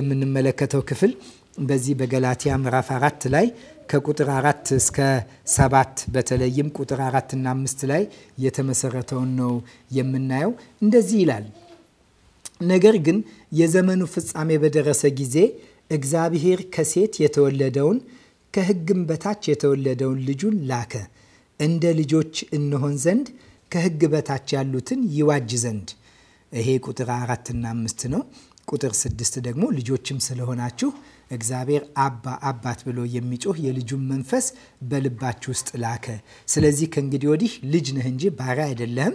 የምንመለከተው ክፍል በዚህ በገላትያ ምዕራፍ አራት ላይ ከቁጥር አራት እስከ ሰባት በተለይም ቁጥር አራት እና አምስት ላይ የተመሰረተውን ነው የምናየው። እንደዚህ ይላል፣ ነገር ግን የዘመኑ ፍጻሜ በደረሰ ጊዜ እግዚአብሔር ከሴት የተወለደውን ከሕግም በታች የተወለደውን ልጁን ላከ፣ እንደ ልጆች እንሆን ዘንድ ከሕግ በታች ያሉትን ይዋጅ ዘንድ። ይሄ ቁጥር አራት አምስት ነው። ቁጥር ስድስት ደግሞ ልጆችም ስለሆናችሁ እግዚአብሔር አባ አባት ብሎ የሚጮህ የልጁን መንፈስ በልባችሁ ውስጥ ላከ። ስለዚህ ከእንግዲህ ወዲህ ልጅ ነህ እንጂ ባሪያ አይደለህም፣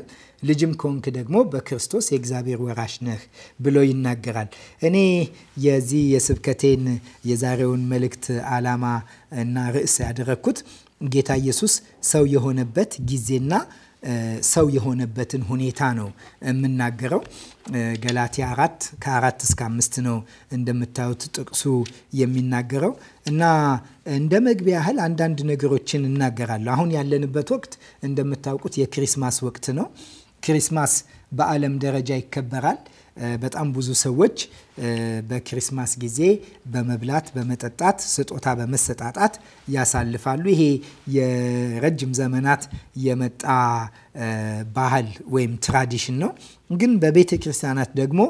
ልጅም ከሆንክ ደግሞ በክርስቶስ የእግዚአብሔር ወራሽ ነህ ብሎ ይናገራል። እኔ የዚህ የስብከቴን የዛሬውን መልእክት ዓላማ እና ርዕስ ያደረግኩት ጌታ ኢየሱስ ሰው የሆነበት ጊዜና ሰው የሆነበትን ሁኔታ ነው የምናገረው። ገላትያ አራት ከአራት እስከ አምስት ነው እንደምታዩት ጥቅሱ የሚናገረው እና እንደ መግቢያ ያህል አንዳንድ ነገሮችን እናገራለሁ። አሁን ያለንበት ወቅት እንደምታውቁት የክሪስማስ ወቅት ነው። ክሪስማስ በዓለም ደረጃ ይከበራል። በጣም ብዙ ሰዎች በክሪስማስ ጊዜ በመብላት በመጠጣት ስጦታ በመሰጣጣት ያሳልፋሉ። ይሄ የረጅም ዘመናት የመጣ ባህል ወይም ትራዲሽን ነው። ግን በቤተ ክርስቲያናት ደግሞ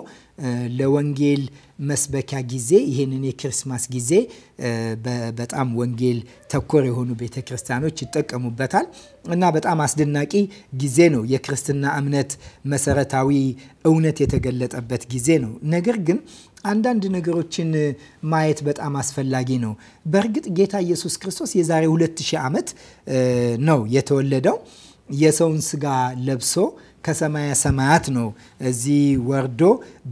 ለወንጌል መስበኪያ ጊዜ ይህንን የክርስማስ ጊዜ በጣም ወንጌል ተኮር የሆኑ ቤተ ክርስቲያኖች ይጠቀሙበታል እና በጣም አስደናቂ ጊዜ ነው። የክርስትና እምነት መሰረታዊ እውነት የተገለጠበት ጊዜ ነው። ነገር ግን አንዳንድ ነገሮችን ማየት በጣም አስፈላጊ ነው። በእርግጥ ጌታ ኢየሱስ ክርስቶስ የዛሬ 2000 ዓመት ነው የተወለደው የሰውን ስጋ ለብሶ ከሰማየ ሰማያት ነው እዚህ ወርዶ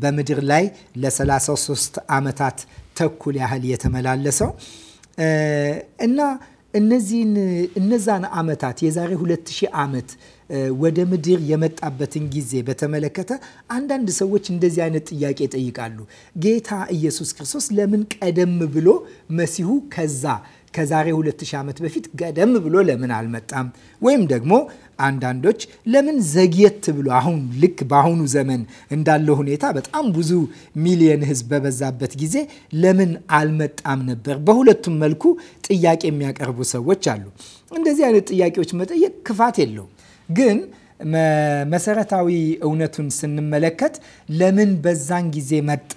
በምድር ላይ ለ33 ዓመታት ተኩል ያህል የተመላለሰው እና እነዚህን እነዛን ዓመታት የዛሬ 2000 ዓመት ወደ ምድር የመጣበትን ጊዜ በተመለከተ አንዳንድ ሰዎች እንደዚህ አይነት ጥያቄ ይጠይቃሉ። ጌታ ኢየሱስ ክርስቶስ ለምን ቀደም ብሎ መሲሁ ከዛ ከዛሬ 2000 ዓመት በፊት ቀደም ብሎ ለምን አልመጣም? ወይም ደግሞ አንዳንዶች ለምን ዘግየት ብሎ አሁን ልክ በአሁኑ ዘመን እንዳለው ሁኔታ በጣም ብዙ ሚሊየን ሕዝብ በበዛበት ጊዜ ለምን አልመጣም ነበር? በሁለቱም መልኩ ጥያቄ የሚያቀርቡ ሰዎች አሉ። እንደዚህ አይነት ጥያቄዎች መጠየቅ ክፋት የለውም ግን መሰረታዊ እውነቱን ስንመለከት ለምን በዛን ጊዜ መጣ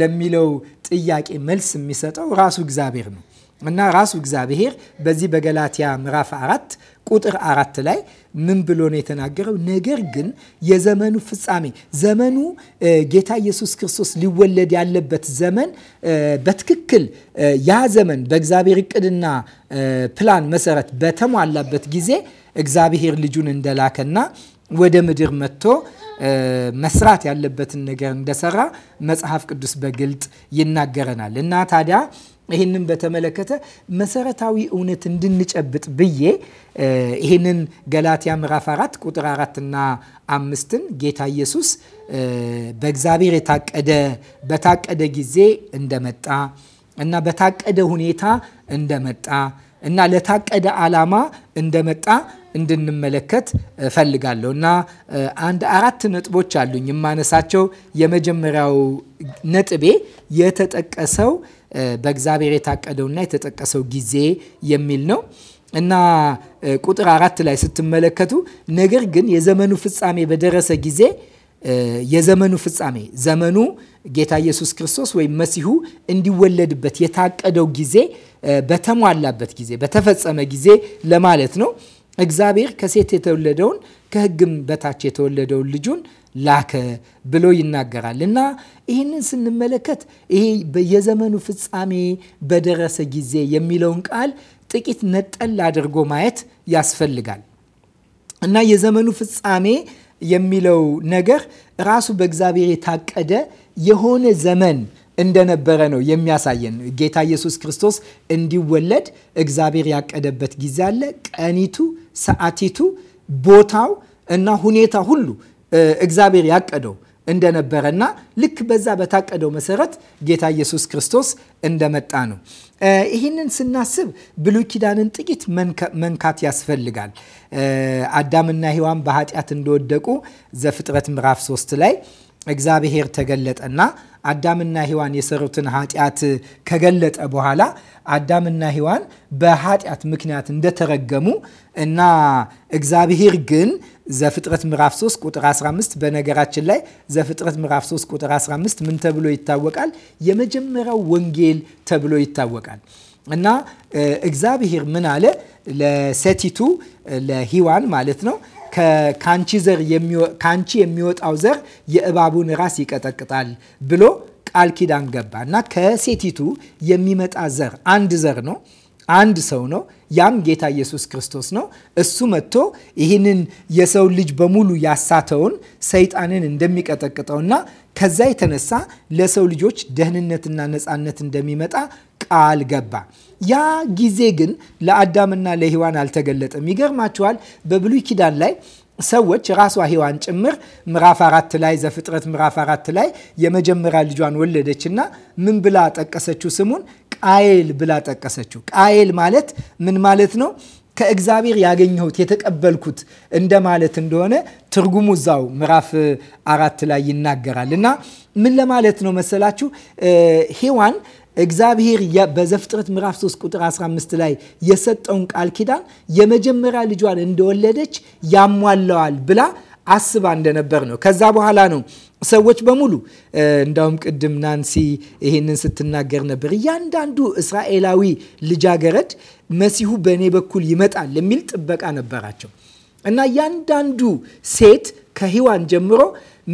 ለሚለው ጥያቄ መልስ የሚሰጠው ራሱ እግዚአብሔር ነው እና ራሱ እግዚአብሔር በዚህ በገላትያ ምዕራፍ አራት ቁጥር አራት ላይ ምን ብሎ ነው የተናገረው? ነገር ግን የዘመኑ ፍጻሜ ዘመኑ ጌታ ኢየሱስ ክርስቶስ ሊወለድ ያለበት ዘመን በትክክል ያ ዘመን በእግዚአብሔር እቅድና ፕላን መሰረት በተሟላበት ጊዜ እግዚአብሔር ልጁን እንደላከና ወደ ምድር መጥቶ መስራት ያለበትን ነገር እንደሰራ መጽሐፍ ቅዱስ በግልጥ ይናገረናል እና ታዲያ ይህንን በተመለከተ መሰረታዊ እውነት እንድንጨብጥ ብዬ ይህንን ገላትያ ምዕራፍ አራት ቁጥር አራትና አምስትን ጌታ ኢየሱስ በእግዚአብሔር የታቀደ በታቀደ ጊዜ እንደመጣ እና በታቀደ ሁኔታ እንደመጣ እና ለታቀደ ዓላማ እንደመጣ እንድንመለከት እፈልጋለሁ እና አንድ አራት ነጥቦች አሉኝ የማነሳቸው። የመጀመሪያው ነጥቤ የተጠቀሰው በእግዚአብሔር የታቀደውና የተጠቀሰው ጊዜ የሚል ነው እና ቁጥር አራት ላይ ስትመለከቱ ነገር ግን የዘመኑ ፍጻሜ በደረሰ ጊዜ የዘመኑ ፍጻሜ ዘመኑ ጌታ ኢየሱስ ክርስቶስ ወይም መሲሁ እንዲወለድበት የታቀደው ጊዜ በተሟላበት ጊዜ በተፈጸመ ጊዜ ለማለት ነው። እግዚአብሔር ከሴት የተወለደውን ከሕግም በታች የተወለደውን ልጁን ላከ ብሎ ይናገራል እና ይህንን ስንመለከት ይሄ የዘመኑ ፍጻሜ በደረሰ ጊዜ የሚለውን ቃል ጥቂት ነጠል አድርጎ ማየት ያስፈልጋል እና የዘመኑ ፍጻሜ የሚለው ነገር ራሱ በእግዚአብሔር የታቀደ የሆነ ዘመን እንደነበረ ነው የሚያሳየን። ጌታ ኢየሱስ ክርስቶስ እንዲወለድ እግዚአብሔር ያቀደበት ጊዜ አለ። ቀኒቱ፣ ሰዓቲቱ፣ ቦታው እና ሁኔታ ሁሉ እግዚአብሔር ያቀደው እንደነበረ እና ልክ በዛ በታቀደው መሰረት ጌታ ኢየሱስ ክርስቶስ እንደመጣ ነው። ይህንን ስናስብ ብሉይ ኪዳንን ጥቂት መንካት ያስፈልጋል። አዳምና ሔዋን በኃጢአት እንደወደቁ ዘፍጥረት ምዕራፍ 3 ላይ እግዚአብሔር ተገለጠና አዳምና ሔዋን የሰሩትን ኃጢአት ከገለጠ በኋላ አዳምና ሔዋን በኃጢአት ምክንያት እንደተረገሙ እና እግዚአብሔር ግን ዘፍጥረት ምዕራፍ 3 ቁጥር 15 በነገራችን ላይ ዘፍጥረት ምዕራፍ 3 ቁጥር 15 ምን ተብሎ ይታወቃል? የመጀመሪያው ወንጌል ተብሎ ይታወቃል። እና እግዚአብሔር ምን አለ? ለሴቲቱ ለሔዋን ማለት ነው ከአንቺ የሚወጣው ዘር የእባቡን ራስ ይቀጠቅጣል ብሎ ቃል ኪዳን ገባ እና ከሴቲቱ የሚመጣ ዘር አንድ ዘር ነው አንድ ሰው ነው። ያም ጌታ ኢየሱስ ክርስቶስ ነው። እሱ መጥቶ ይህንን የሰው ልጅ በሙሉ ያሳተውን ሰይጣንን እንደሚቀጠቅጠውና ከዛ የተነሳ ለሰው ልጆች ደህንነትና ነፃነት እንደሚመጣ ቃል ገባ። ያ ጊዜ ግን ለአዳምና ለሔዋን አልተገለጠም። ይገርማችኋል በብሉይ ኪዳን ላይ ሰዎች ራሷ ሔዋን ጭምር ምዕራፍ አራት ላይ ዘፍጥረት ምዕራፍ አራት ላይ የመጀመሪያ ልጇን ወለደችና ምን ብላ ጠቀሰችው? ስሙን ቃየል ብላ ጠቀሰችው። ቃየል ማለት ምን ማለት ነው? ከእግዚአብሔር ያገኘሁት የተቀበልኩት እንደማለት እንደሆነ ትርጉሙ እዛው ምዕራፍ አራት ላይ ይናገራል። እና ምን ለማለት ነው መሰላችሁ ሔዋን እግዚአብሔር በዘፍጥረት ምዕራፍ 3 ቁጥር 15 ላይ የሰጠውን ቃል ኪዳን የመጀመሪያ ልጇን እንደወለደች ያሟላዋል ብላ አስባ እንደነበር ነው። ከዛ በኋላ ነው ሰዎች በሙሉ እንዳውም ቅድም ናንሲ ይሄንን ስትናገር ነበር። እያንዳንዱ እስራኤላዊ ልጃገረድ መሲሁ በእኔ በኩል ይመጣል የሚል ጥበቃ ነበራቸው እና እያንዳንዱ ሴት ከህዋን ጀምሮ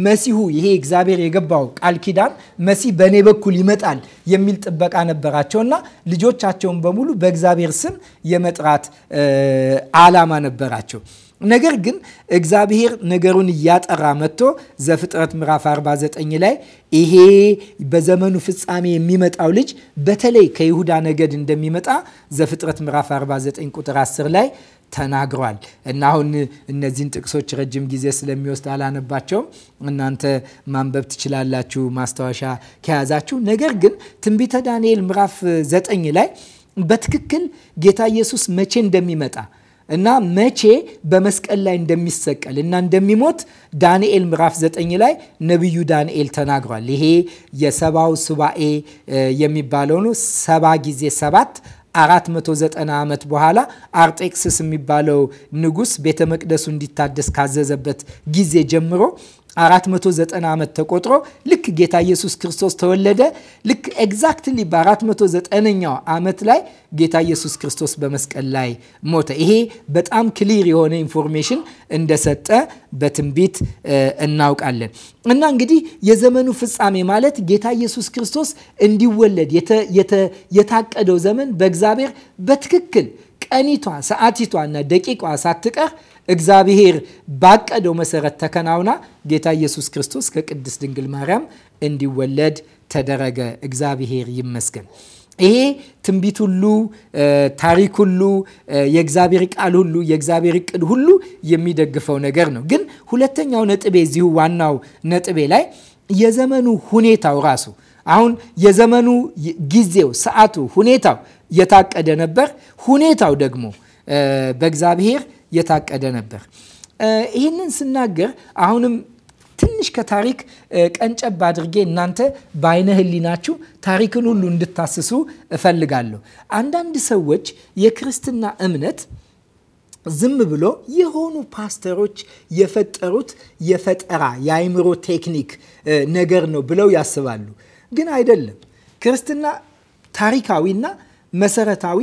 መሲሁ ይሄ እግዚአብሔር የገባው ቃል ኪዳን መሲህ በእኔ በኩል ይመጣል የሚል ጥበቃ ነበራቸውና ልጆቻቸውን በሙሉ በእግዚአብሔር ስም የመጥራት ዓላማ ነበራቸው። ነገር ግን እግዚአብሔር ነገሩን እያጠራ መጥቶ ዘፍጥረት ምዕራፍ 49 ላይ ይሄ በዘመኑ ፍጻሜ የሚመጣው ልጅ በተለይ ከይሁዳ ነገድ እንደሚመጣ ዘፍጥረት ምዕራፍ 49 ቁጥር 10 ላይ ተናግሯል እና አሁን እነዚህን ጥቅሶች ረጅም ጊዜ ስለሚወስድ አላነባቸውም። እናንተ ማንበብ ትችላላችሁ ማስታወሻ ከያዛችሁ። ነገር ግን ትንቢተ ዳንኤል ምዕራፍ ዘጠኝ ላይ በትክክል ጌታ ኢየሱስ መቼ እንደሚመጣ እና መቼ በመስቀል ላይ እንደሚሰቀል እና እንደሚሞት ዳንኤል ምዕራፍ ዘጠኝ ላይ ነቢዩ ዳንኤል ተናግሯል። ይሄ የሰባው ሱባኤ የሚባለው ነው። ሰባ ጊዜ ሰባት 490 ዓመት በኋላ አርጤክስስ የሚባለው ንጉስ ቤተ መቅደሱ እንዲታደስ ካዘዘበት ጊዜ ጀምሮ 490 ዓመት ተቆጥሮ ልክ ጌታ ኢየሱስ ክርስቶስ ተወለደ። ልክ ኤግዛክትሊ በ490ኛው ዓመት ላይ ጌታ ኢየሱስ ክርስቶስ በመስቀል ላይ ሞተ። ይሄ በጣም ክሊር የሆነ ኢንፎርሜሽን እንደሰጠ በትንቢት እናውቃለን። እና እንግዲህ የዘመኑ ፍጻሜ ማለት ጌታ ኢየሱስ ክርስቶስ እንዲወለድ የታቀደው ዘመን በእግዚአብሔር በትክክል ቀኒቷ ሰዓቲቷ እና ደቂቋ ሳትቀር እግዚአብሔር ባቀደው መሰረት ተከናውና ጌታ ኢየሱስ ክርስቶስ ከቅድስት ድንግል ማርያም እንዲወለድ ተደረገ። እግዚአብሔር ይመስገን። ይሄ ትንቢት ሁሉ፣ ታሪክ ሁሉ፣ የእግዚአብሔር ቃል ሁሉ፣ የእግዚአብሔር እቅድ ሁሉ የሚደግፈው ነገር ነው። ግን ሁለተኛው ነጥቤ እዚሁ ዋናው ነጥቤ ላይ የዘመኑ ሁኔታው ራሱ አሁን የዘመኑ ጊዜው፣ ሰዓቱ፣ ሁኔታው የታቀደ ነበር። ሁኔታው ደግሞ በእግዚአብሔር የታቀደ ነበር። ይህንን ስናገር አሁንም ትንሽ ከታሪክ ቀንጨብ አድርጌ እናንተ በአይነ ህሊናችሁ ታሪክን ሁሉ እንድታስሱ እፈልጋለሁ። አንዳንድ ሰዎች የክርስትና እምነት ዝም ብሎ የሆኑ ፓስተሮች የፈጠሩት የፈጠራ የአይምሮ ቴክኒክ ነገር ነው ብለው ያስባሉ። ግን አይደለም። ክርስትና ታሪካዊና መሰረታዊ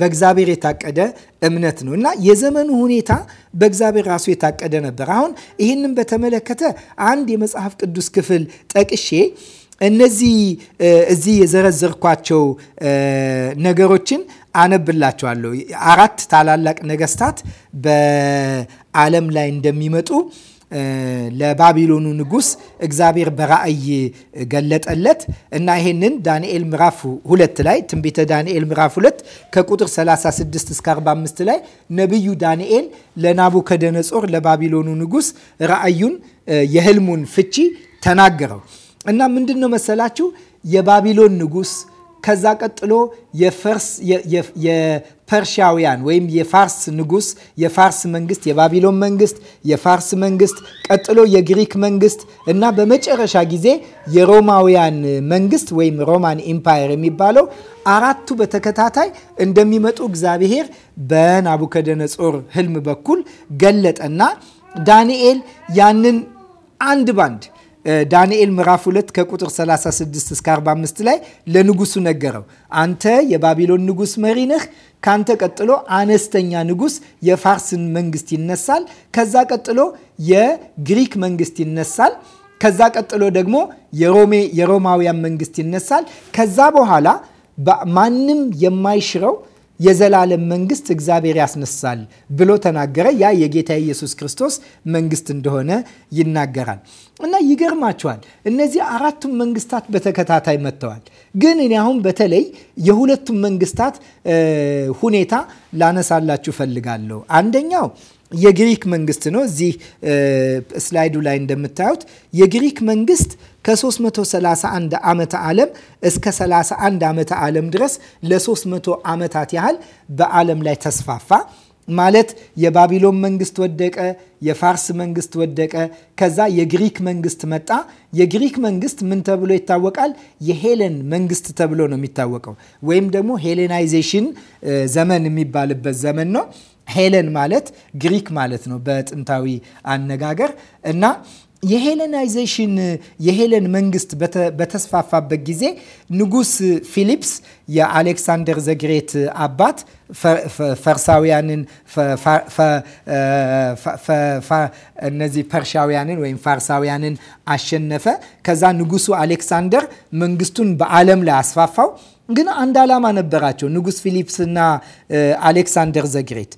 በእግዚአብሔር የታቀደ እምነት ነው እና የዘመኑ ሁኔታ በእግዚአብሔር ራሱ የታቀደ ነበር። አሁን ይህንም በተመለከተ አንድ የመጽሐፍ ቅዱስ ክፍል ጠቅሼ እነዚህ እዚህ የዘረዘርኳቸው ነገሮችን አነብላቸዋለሁ። አራት ታላላቅ ነገስታት በዓለም ላይ እንደሚመጡ ለባቢሎኑ ንጉስ እግዚአብሔር በራእይ ገለጠለት እና ይሄንን ዳንኤል ምዕራፍ ሁለት ላይ ትንቢተ ዳንኤል ምዕራፍ ሁለት ከቁጥር 36 እስከ 45 ላይ ነቢዩ ዳንኤል ለናቡከደነጾር ለባቢሎኑ ንጉስ ራእዩን የህልሙን ፍቺ ተናገረው እና ምንድን ነው መሰላችሁ የባቢሎን ንጉስ ከዛ ቀጥሎ የፐርሻውያን ወይም የፋርስ ንጉስ፣ የፋርስ መንግስት፣ የባቢሎን መንግስት፣ የፋርስ መንግስት፣ ቀጥሎ የግሪክ መንግስት እና በመጨረሻ ጊዜ የሮማውያን መንግስት ወይም ሮማን ኢምፓየር የሚባለው አራቱ በተከታታይ እንደሚመጡ እግዚአብሔር በናቡከደነጾር ህልም በኩል ገለጠና ዳንኤል ያንን አንድ ባንድ ዳንኤል ምዕራፍ 2 ከቁጥር 36 እስከ 45 ላይ ለንጉሱ ነገረው። አንተ የባቢሎን ንጉስ መሪ ነህ። ካንተ ቀጥሎ አነስተኛ ንጉስ የፋርስን መንግስት ይነሳል። ከዛ ቀጥሎ የግሪክ መንግስት ይነሳል። ከዛ ቀጥሎ ደግሞ የሮሜ የሮማውያን መንግስት ይነሳል። ከዛ በኋላ ማንም የማይሽረው የዘላለም መንግስት እግዚአብሔር ያስነሳል ብሎ ተናገረ። ያ የጌታ ኢየሱስ ክርስቶስ መንግስት እንደሆነ ይናገራል። እና ይገርማቸዋል እነዚህ አራቱም መንግስታት በተከታታይ መጥተዋል። ግን እኔ አሁን በተለይ የሁለቱም መንግስታት ሁኔታ ላነሳላችሁ ፈልጋለሁ። አንደኛው የግሪክ መንግስት ነው። እዚህ ስላይዱ ላይ እንደምታዩት የግሪክ መንግስት ከ331 ዓመተ ዓለም እስከ 31 ዓመተ ዓለም ድረስ ለ300 ዓመታት ያህል በዓለም ላይ ተስፋፋ። ማለት የባቢሎን መንግስት ወደቀ፣ የፋርስ መንግስት ወደቀ። ከዛ የግሪክ መንግስት መጣ። የግሪክ መንግስት ምን ተብሎ ይታወቃል? የሄለን መንግስት ተብሎ ነው የሚታወቀው። ወይም ደግሞ ሄሌናይዜሽን ዘመን የሚባልበት ዘመን ነው። ሄለን ማለት ግሪክ ማለት ነው በጥንታዊ አነጋገር እና የሄለናይዜሽን የሄለን መንግስት በተስፋፋበት ጊዜ ንጉስ ፊሊፕስ የአሌክሳንደር ዘግሬት አባት ፈርሳውያንን እነዚህ ፐርሻውያንን ወይም ፋርሳውያንን አሸነፈ። ከዛ ንጉሱ አሌክሳንደር መንግስቱን በዓለም ላይ አስፋፋው። ግን አንድ ዓላማ ነበራቸው ንጉስ ፊሊፕስና አሌክሳንደር ዘግሬት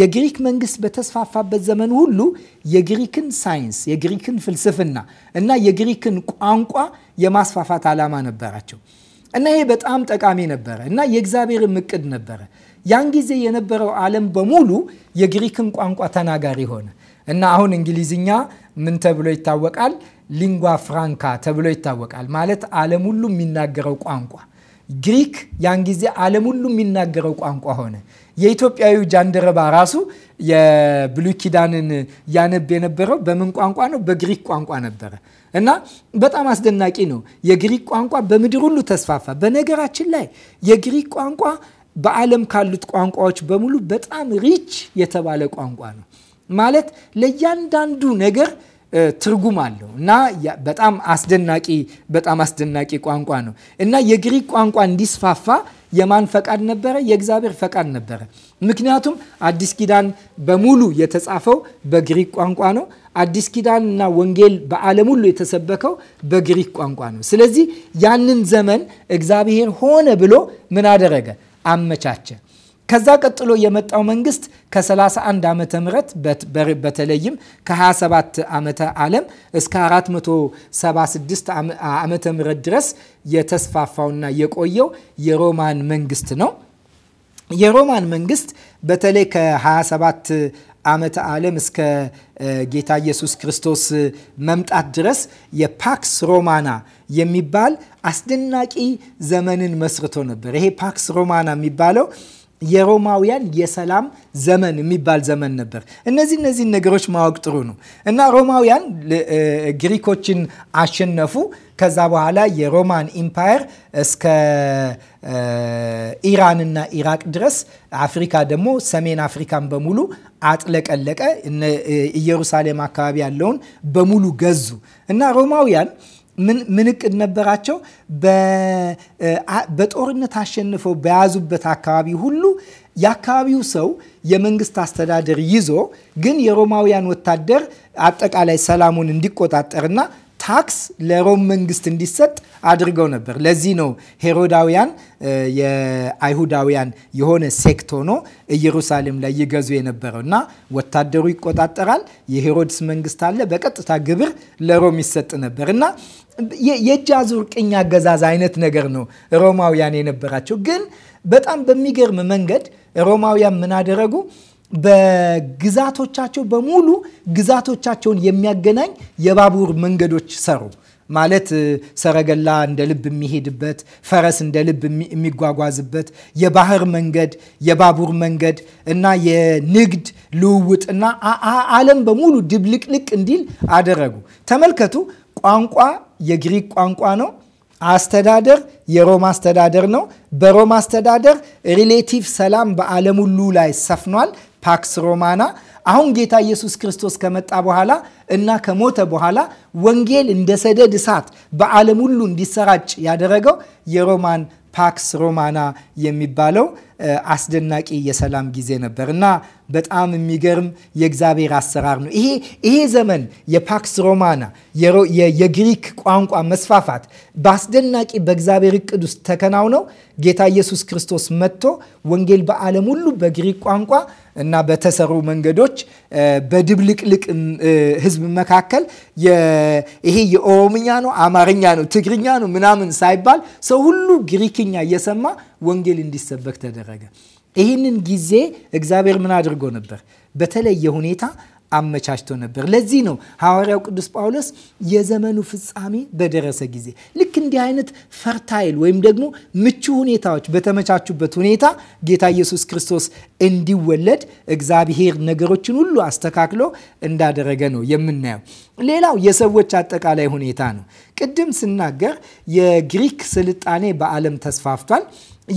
የግሪክ መንግስት በተስፋፋበት ዘመን ሁሉ የግሪክን ሳይንስ፣ የግሪክን ፍልስፍና እና የግሪክን ቋንቋ የማስፋፋት ዓላማ ነበራቸው እና ይሄ በጣም ጠቃሚ ነበረ እና የእግዚአብሔር እቅድ ነበረ። ያን ጊዜ የነበረው ዓለም በሙሉ የግሪክን ቋንቋ ተናጋሪ ሆነ እና አሁን እንግሊዝኛ ምን ተብሎ ይታወቃል? ሊንጓ ፍራንካ ተብሎ ይታወቃል። ማለት ዓለም ሁሉ የሚናገረው ቋንቋ ግሪክ ያን ጊዜ ዓለም ሁሉ የሚናገረው ቋንቋ ሆነ። የኢትዮጵያዊ ጃንደረባ ራሱ የብሉይ ኪዳንን ያነብ የነበረው በምን ቋንቋ ነው? በግሪክ ቋንቋ ነበረ እና በጣም አስደናቂ ነው። የግሪክ ቋንቋ በምድር ሁሉ ተስፋፋ። በነገራችን ላይ የግሪክ ቋንቋ በዓለም ካሉት ቋንቋዎች በሙሉ በጣም ሪች የተባለ ቋንቋ ነው። ማለት ለእያንዳንዱ ነገር ትርጉም አለው እና በጣም አስደናቂ በጣም አስደናቂ ቋንቋ ነው እና የግሪክ ቋንቋ እንዲስፋፋ የማን ፈቃድ ነበረ? የእግዚአብሔር ፈቃድ ነበረ። ምክንያቱም አዲስ ኪዳን በሙሉ የተጻፈው በግሪክ ቋንቋ ነው። አዲስ ኪዳንና ወንጌል በዓለም ሁሉ የተሰበከው በግሪክ ቋንቋ ነው። ስለዚህ ያንን ዘመን እግዚአብሔር ሆነ ብሎ ምን አደረገ? አመቻቸ። ከዛ ቀጥሎ የመጣው መንግስት ከ31 ዓመተ ምህረት በተለይም ከ27 ዓመተ ዓለም እስከ 476 ዓመተ ምህረት ድረስ የተስፋፋውና የቆየው የሮማን መንግስት ነው። የሮማን መንግስት በተለይ ከ27 ዓመተ ዓለም እስከ ጌታ ኢየሱስ ክርስቶስ መምጣት ድረስ የፓክስ ሮማና የሚባል አስደናቂ ዘመንን መስርቶ ነበር። ይሄ ፓክስ ሮማና የሚባለው የሮማውያን የሰላም ዘመን የሚባል ዘመን ነበር። እነዚህ እነዚህን ነገሮች ማወቅ ጥሩ ነው እና ሮማውያን ግሪኮችን አሸነፉ። ከዛ በኋላ የሮማን ኢምፓየር እስከ ኢራንና ኢራቅ ድረስ አፍሪካ ደግሞ ሰሜን አፍሪካን በሙሉ አጥለቀለቀ። ኢየሩሳሌም አካባቢ ያለውን በሙሉ ገዙ እና ሮማውያን ምን እቅድ ነበራቸው? በጦርነት አሸንፈው በያዙበት አካባቢ ሁሉ የአካባቢው ሰው የመንግስት አስተዳደር ይዞ ግን የሮማውያን ወታደር አጠቃላይ ሰላሙን እንዲቆጣጠርና ታክስ ለሮም መንግስት እንዲሰጥ አድርገው ነበር። ለዚህ ነው ሄሮዳውያን የአይሁዳውያን የሆነ ሴክት ሆኖ ኢየሩሳሌም ላይ ይገዙ የነበረው እና ወታደሩ ይቆጣጠራል። የሄሮድስ መንግስት አለ። በቀጥታ ግብር ለሮም ይሰጥ ነበር እና የእጅ አዙር ቅኝ አገዛዝ አይነት ነገር ነው ሮማውያን የነበራቸው። ግን በጣም በሚገርም መንገድ ሮማውያን ምን አደረጉ? በግዛቶቻቸው በሙሉ ግዛቶቻቸውን የሚያገናኝ የባቡር መንገዶች ሰሩ። ማለት ሰረገላ እንደ ልብ የሚሄድበት፣ ፈረስ እንደ ልብ የሚጓጓዝበት፣ የባህር መንገድ፣ የባቡር መንገድ እና የንግድ ልውውጥ እና ዓለም በሙሉ ድብልቅልቅ እንዲል አደረጉ። ተመልከቱ። ቋንቋ የግሪክ ቋንቋ ነው። አስተዳደር የሮም አስተዳደር ነው። በሮም አስተዳደር ሪሌቲቭ ሰላም በዓለም ሁሉ ላይ ሰፍኗል። ፓክስ ሮማና አሁን ጌታ ኢየሱስ ክርስቶስ ከመጣ በኋላ እና ከሞተ በኋላ ወንጌል እንደ ሰደድ እሳት በዓለም ሁሉ እንዲሰራጭ ያደረገው የሮማን ፓክስ ሮማና የሚባለው አስደናቂ የሰላም ጊዜ ነበር እና በጣም የሚገርም የእግዚአብሔር አሰራር ነው። ይሄ ይሄ ዘመን የፓክስ ሮማና የግሪክ ቋንቋ መስፋፋት በአስደናቂ በእግዚአብሔር እቅድ ውስጥ ተከናውነው ጌታ ኢየሱስ ክርስቶስ መጥቶ ወንጌል በዓለም ሁሉ በግሪክ ቋንቋ እና በተሰሩ መንገዶች በድብልቅልቅ ሕዝብ መካከል ይሄ የኦሮምኛ ነው፣ አማርኛ ነው፣ ትግርኛ ነው ምናምን ሳይባል ሰው ሁሉ ግሪክኛ እየሰማ ወንጌል እንዲሰበክ ተደረገ። ይህንን ጊዜ እግዚአብሔር ምን አድርጎ ነበር? በተለየ ሁኔታ አመቻችቶ ነበር። ለዚህ ነው ሐዋርያው ቅዱስ ጳውሎስ የዘመኑ ፍጻሜ በደረሰ ጊዜ ልክ እንዲህ አይነት ፈርታይል ወይም ደግሞ ምቹ ሁኔታዎች በተመቻቹበት ሁኔታ ጌታ ኢየሱስ ክርስቶስ እንዲወለድ እግዚአብሔር ነገሮችን ሁሉ አስተካክሎ እንዳደረገ ነው የምናየው። ሌላው የሰዎች አጠቃላይ ሁኔታ ነው። ቅድም ስናገር የግሪክ ስልጣኔ በዓለም ተስፋፍቷል።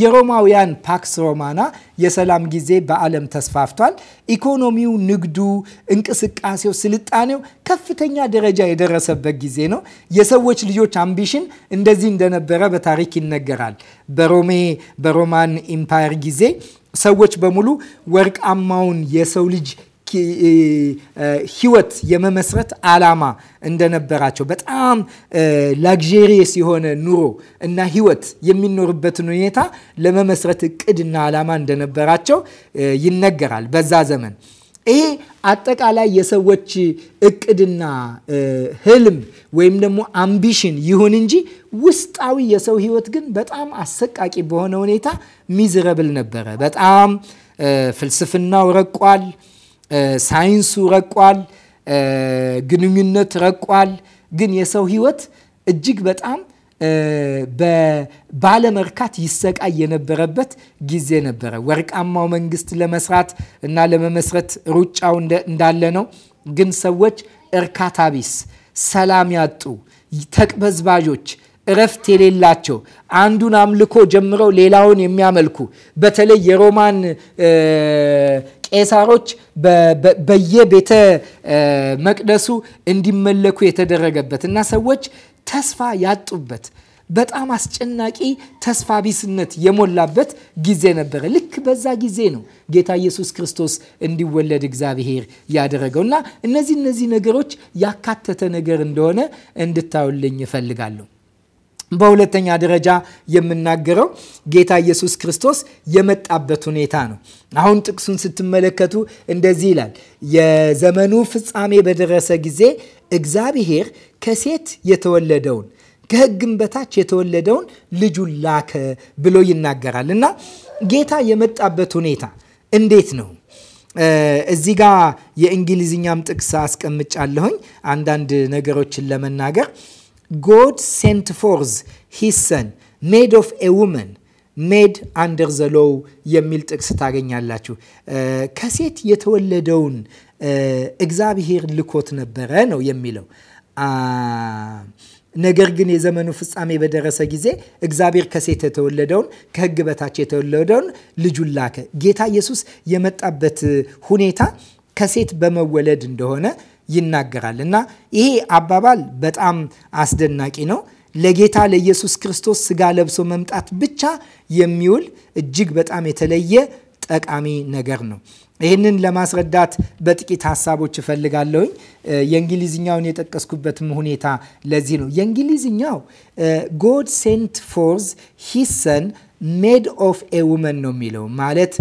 የሮማውያን ፓክስ ሮማና የሰላም ጊዜ በዓለም ተስፋፍቷል። ኢኮኖሚው፣ ንግዱ፣ እንቅስቃሴው፣ ስልጣኔው ከፍተኛ ደረጃ የደረሰበት ጊዜ ነው። የሰዎች ልጆች አምቢሽን እንደዚህ እንደነበረ በታሪክ ይነገራል። በሮሜ በሮማን ኢምፓየር ጊዜ ሰዎች በሙሉ ወርቃማውን የሰው ልጅ ህይወት የመመስረት አላማ እንደነበራቸው በጣም ላግዤሪየስ የሆነ ኑሮ እና ህይወት የሚኖርበትን ሁኔታ ለመመስረት እቅድና አላማ እንደነበራቸው ይነገራል በዛ ዘመን። ይሄ አጠቃላይ የሰዎች እቅድና ህልም ወይም ደግሞ አምቢሽን ይሁን እንጂ ውስጣዊ የሰው ህይወት ግን በጣም አሰቃቂ በሆነ ሁኔታ ሚዝረብል ነበረ። በጣም ፍልስፍናው ረቋል። ሳይንሱ ረቋል፣ ግንኙነት ረቋል። ግን የሰው ህይወት እጅግ በጣም ባለመርካት ይሰቃይ የነበረበት ጊዜ ነበረ። ወርቃማው መንግስት ለመስራት እና ለመመስረት ሩጫው እንዳለ ነው። ግን ሰዎች እርካታ ቢስ፣ ሰላም ያጡ፣ ተቅበዝባዦች፣ እረፍት የሌላቸው አንዱን አምልኮ ጀምረው ሌላውን የሚያመልኩ በተለይ የሮማን ቄሳሮች በየቤተ መቅደሱ እንዲመለኩ የተደረገበት እና ሰዎች ተስፋ ያጡበት በጣም አስጨናቂ ተስፋ ቢስነት የሞላበት ጊዜ ነበረ። ልክ በዛ ጊዜ ነው ጌታ ኢየሱስ ክርስቶስ እንዲወለድ እግዚአብሔር ያደረገው እና እነዚህ እነዚህ ነገሮች ያካተተ ነገር እንደሆነ እንድታዩልኝ እፈልጋለሁ። በሁለተኛ ደረጃ የምናገረው ጌታ ኢየሱስ ክርስቶስ የመጣበት ሁኔታ ነው። አሁን ጥቅሱን ስትመለከቱ እንደዚህ ይላል፣ የዘመኑ ፍጻሜ በደረሰ ጊዜ እግዚአብሔር ከሴት የተወለደውን ከሕግም በታች የተወለደውን ልጁን ላከ ብሎ ይናገራል እና ጌታ የመጣበት ሁኔታ እንዴት ነው? እዚህ ጋር የእንግሊዝኛም ጥቅስ አስቀምጫለሁኝ አንዳንድ ነገሮችን ለመናገር ጎድ ሴንት ፎርዝ ሂስ ሰን ሜድ ኦፍ ኤ ውመን ሜድ አንደር ዘ የሚል ጥቅስ ታገኛላችሁ። ከሴት የተወለደውን እግዚአብሔር ልኮት ነበረ ነው የሚለው። ነገር ግን የዘመኑ ፍጻሜ በደረሰ ጊዜ እግዚአብሔር ከሴት የተወለደውን ከሕግ በታች የተወለደውን ልጁን ላከ። ጌታ ኢየሱስ የመጣበት ሁኔታ ከሴት በመወለድ እንደሆነ ይናገራል እና ይሄ አባባል በጣም አስደናቂ ነው። ለጌታ ለኢየሱስ ክርስቶስ ስጋ ለብሶ መምጣት ብቻ የሚውል እጅግ በጣም የተለየ ጠቃሚ ነገር ነው። ይህንን ለማስረዳት በጥቂት ሀሳቦች እፈልጋለሁኝ። የእንግሊዝኛውን የጠቀስኩበትም ሁኔታ ለዚህ ነው። የእንግሊዝኛው ጎድ ሴንት ፎርዝ ሂሰን ሜድ ኦፍ ኤ ውመን ነው የሚለው ማለት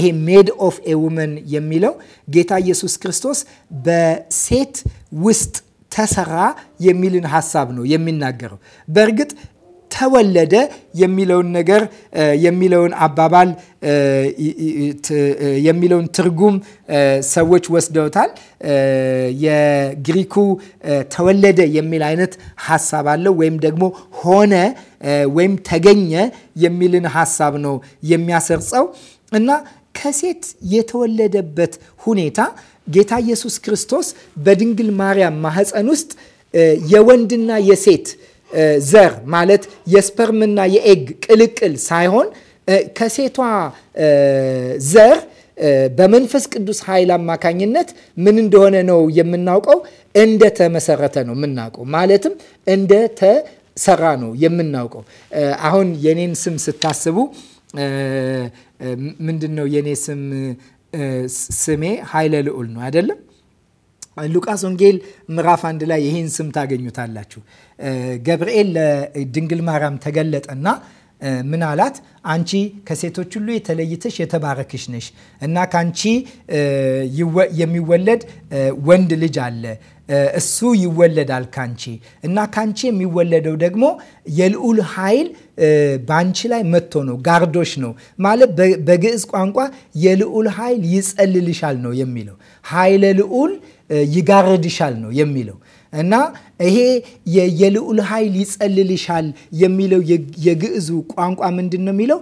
ይሄ ሜድ ኦፍ ኤ ውመን የሚለው ጌታ ኢየሱስ ክርስቶስ በሴት ውስጥ ተሰራ የሚልን ሀሳብ ነው የሚናገረው። በእርግጥ ተወለደ የሚለውን ነገር የሚለውን አባባል የሚለውን ትርጉም ሰዎች ወስደውታል። የግሪኩ ተወለደ የሚል አይነት ሀሳብ አለው ወይም ደግሞ ሆነ ወይም ተገኘ የሚልን ሀሳብ ነው የሚያሰርጸው እና ከሴት የተወለደበት ሁኔታ ጌታ ኢየሱስ ክርስቶስ በድንግል ማርያም ማህፀን ውስጥ የወንድና የሴት ዘር ማለት የስፐርምና የኤግ ቅልቅል ሳይሆን ከሴቷ ዘር በመንፈስ ቅዱስ ኃይል አማካኝነት ምን እንደሆነ ነው የምናውቀው። እንደተመሰረተ ነው የምናውቀው። ማለትም እንደተሰራ ነው የምናውቀው። አሁን የኔን ስም ስታስቡ ምንድን ነው የእኔ ስም ስሜ ኃይለ ልዑል ነው አይደለም? ሉቃስ ወንጌል ምዕራፍ አንድ ላይ ይህን ስም ታገኙታላችሁ። ገብርኤል ለድንግል ማርያም ተገለጠና ምን አላት? አንቺ ከሴቶች ሁሉ የተለይተሽ የተባረክሽ ነሽ እና ከአንቺ የሚወለድ ወንድ ልጅ አለ እሱ ይወለዳል ካንቺ እና ካንቺ የሚወለደው ደግሞ የልዑል ኃይል በአንቺ ላይ መጥቶ ነው። ጋርዶሽ ነው ማለት በግዕዝ ቋንቋ የልዑል ኃይል ይጸልልሻል ነው የሚለው። ኃይለ ልዑል ይጋርድሻል ነው የሚለው እና ይሄ የልዑል ኃይል ይጸልልሻል የሚለው የግዕዙ ቋንቋ ምንድን ነው የሚለው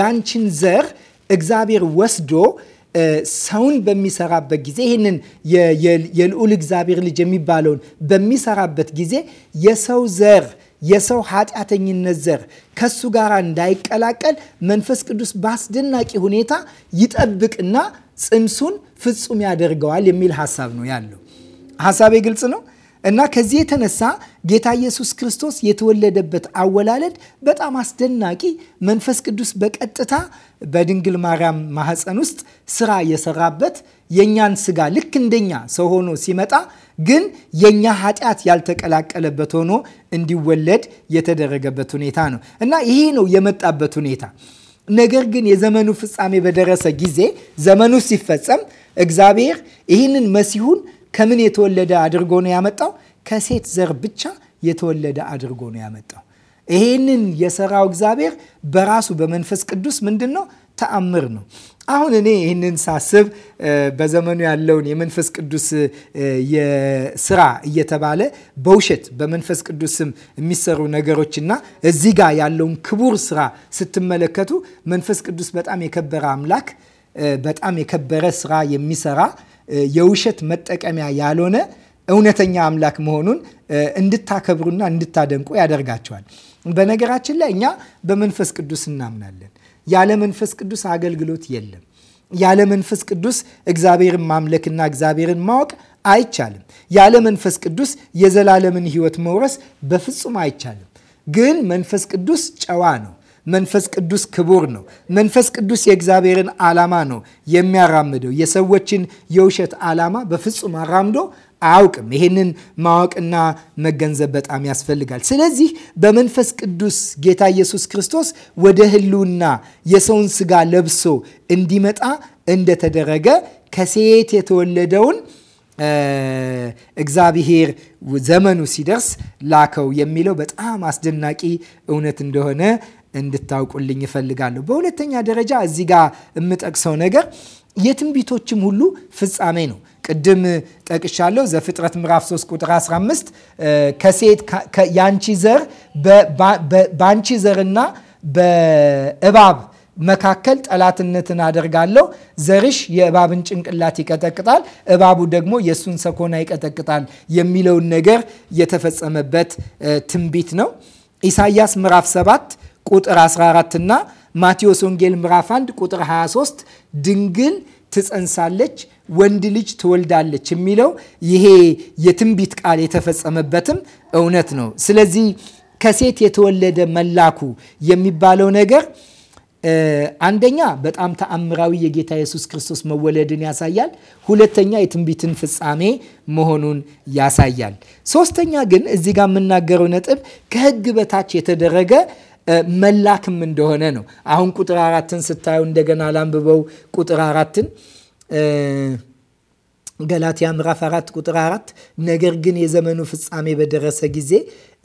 ያንቺን ዘር እግዚአብሔር ወስዶ ሰውን በሚሰራበት ጊዜ ይህንን የልዑል እግዚአብሔር ልጅ የሚባለውን በሚሰራበት ጊዜ የሰው ዘር የሰው ኃጢአተኝነት ዘር ከሱ ጋር እንዳይቀላቀል መንፈስ ቅዱስ በአስደናቂ ሁኔታ ይጠብቅና ጽንሱን ፍጹም ያደርገዋል የሚል ሀሳብ ነው ያለው። ሀሳቤ ግልጽ ነው። እና ከዚህ የተነሳ ጌታ ኢየሱስ ክርስቶስ የተወለደበት አወላለድ በጣም አስደናቂ፣ መንፈስ ቅዱስ በቀጥታ በድንግል ማርያም ማህፀን ውስጥ ስራ የሰራበት የእኛን ስጋ ልክ እንደኛ ሰው ሆኖ ሲመጣ ግን የእኛ ኃጢአት ያልተቀላቀለበት ሆኖ እንዲወለድ የተደረገበት ሁኔታ ነው እና ይሄ ነው የመጣበት ሁኔታ። ነገር ግን የዘመኑ ፍጻሜ በደረሰ ጊዜ ዘመኑ ሲፈጸም እግዚአብሔር ይህንን መሲሁን ከምን የተወለደ አድርጎ ነው ያመጣው? ከሴት ዘር ብቻ የተወለደ አድርጎ ነው ያመጣው። ይሄንን የሰራው እግዚአብሔር በራሱ በመንፈስ ቅዱስ ምንድን ነው ተአምር ነው። አሁን እኔ ይህንን ሳስብ በዘመኑ ያለውን የመንፈስ ቅዱስ የስራ እየተባለ በውሸት በመንፈስ ቅዱስ ስም የሚሰሩ ነገሮችና እዚህ ጋር ያለውን ክቡር ስራ ስትመለከቱ መንፈስ ቅዱስ በጣም የከበረ አምላክ፣ በጣም የከበረ ስራ የሚሰራ የውሸት መጠቀሚያ ያልሆነ እውነተኛ አምላክ መሆኑን እንድታከብሩና እንድታደንቁ ያደርጋቸዋል። በነገራችን ላይ እኛ በመንፈስ ቅዱስ እናምናለን። ያለ መንፈስ ቅዱስ አገልግሎት የለም። ያለ መንፈስ ቅዱስ እግዚአብሔርን ማምለክና እግዚአብሔርን ማወቅ አይቻልም። ያለ መንፈስ ቅዱስ የዘላለምን ሕይወት መውረስ በፍጹም አይቻልም። ግን መንፈስ ቅዱስ ጨዋ ነው። መንፈስ ቅዱስ ክቡር ነው። መንፈስ ቅዱስ የእግዚአብሔርን ዓላማ ነው የሚያራምደው። የሰዎችን የውሸት ዓላማ በፍጹም አራምዶ አያውቅም። ይህንን ማወቅና መገንዘብ በጣም ያስፈልጋል። ስለዚህ በመንፈስ ቅዱስ ጌታ ኢየሱስ ክርስቶስ ወደ ሕልውና የሰውን ስጋ ለብሶ እንዲመጣ እንደተደረገ ከሴት የተወለደውን እግዚአብሔር ዘመኑ ሲደርስ ላከው የሚለው በጣም አስደናቂ እውነት እንደሆነ እንድታውቁልኝ እፈልጋለሁ። በሁለተኛ ደረጃ እዚህ ጋር የምጠቅሰው ነገር የትንቢቶችም ሁሉ ፍጻሜ ነው። ቅድም ጠቅሻለሁ። ዘፍጥረት ምዕራፍ 3 ቁጥር 15 ከሴት ያንቺ ዘር በአንቺ ዘርና በእባብ መካከል ጠላትነትን አደርጋለሁ። ዘርሽ የእባብን ጭንቅላት ይቀጠቅጣል፣ እባቡ ደግሞ የእሱን ሰኮና ይቀጠቅጣል የሚለውን ነገር የተፈጸመበት ትንቢት ነው። ኢሳይያስ ምዕራፍ 7 ቁጥር 14 እና ማቴዎስ ወንጌል ምዕራፍ 1 ቁጥር 23 ድንግል ትጸንሳለች ወንድ ልጅ ትወልዳለች የሚለው ይሄ የትንቢት ቃል የተፈጸመበትም እውነት ነው። ስለዚህ ከሴት የተወለደ መላኩ የሚባለው ነገር አንደኛ በጣም ተአምራዊ የጌታ ኢየሱስ ክርስቶስ መወለድን ያሳያል። ሁለተኛ የትንቢትን ፍጻሜ መሆኑን ያሳያል። ሶስተኛ ግን እዚህ ጋር የምናገረው ነጥብ ከሕግ በታች የተደረገ መላክም እንደሆነ ነው። አሁን ቁጥር አራትን ስታዩ እንደገና ላንብበው። ቁጥር አራትን ገላትያ ምዕራፍ አራት ቁጥር አራት ነገር ግን የዘመኑ ፍጻሜ በደረሰ ጊዜ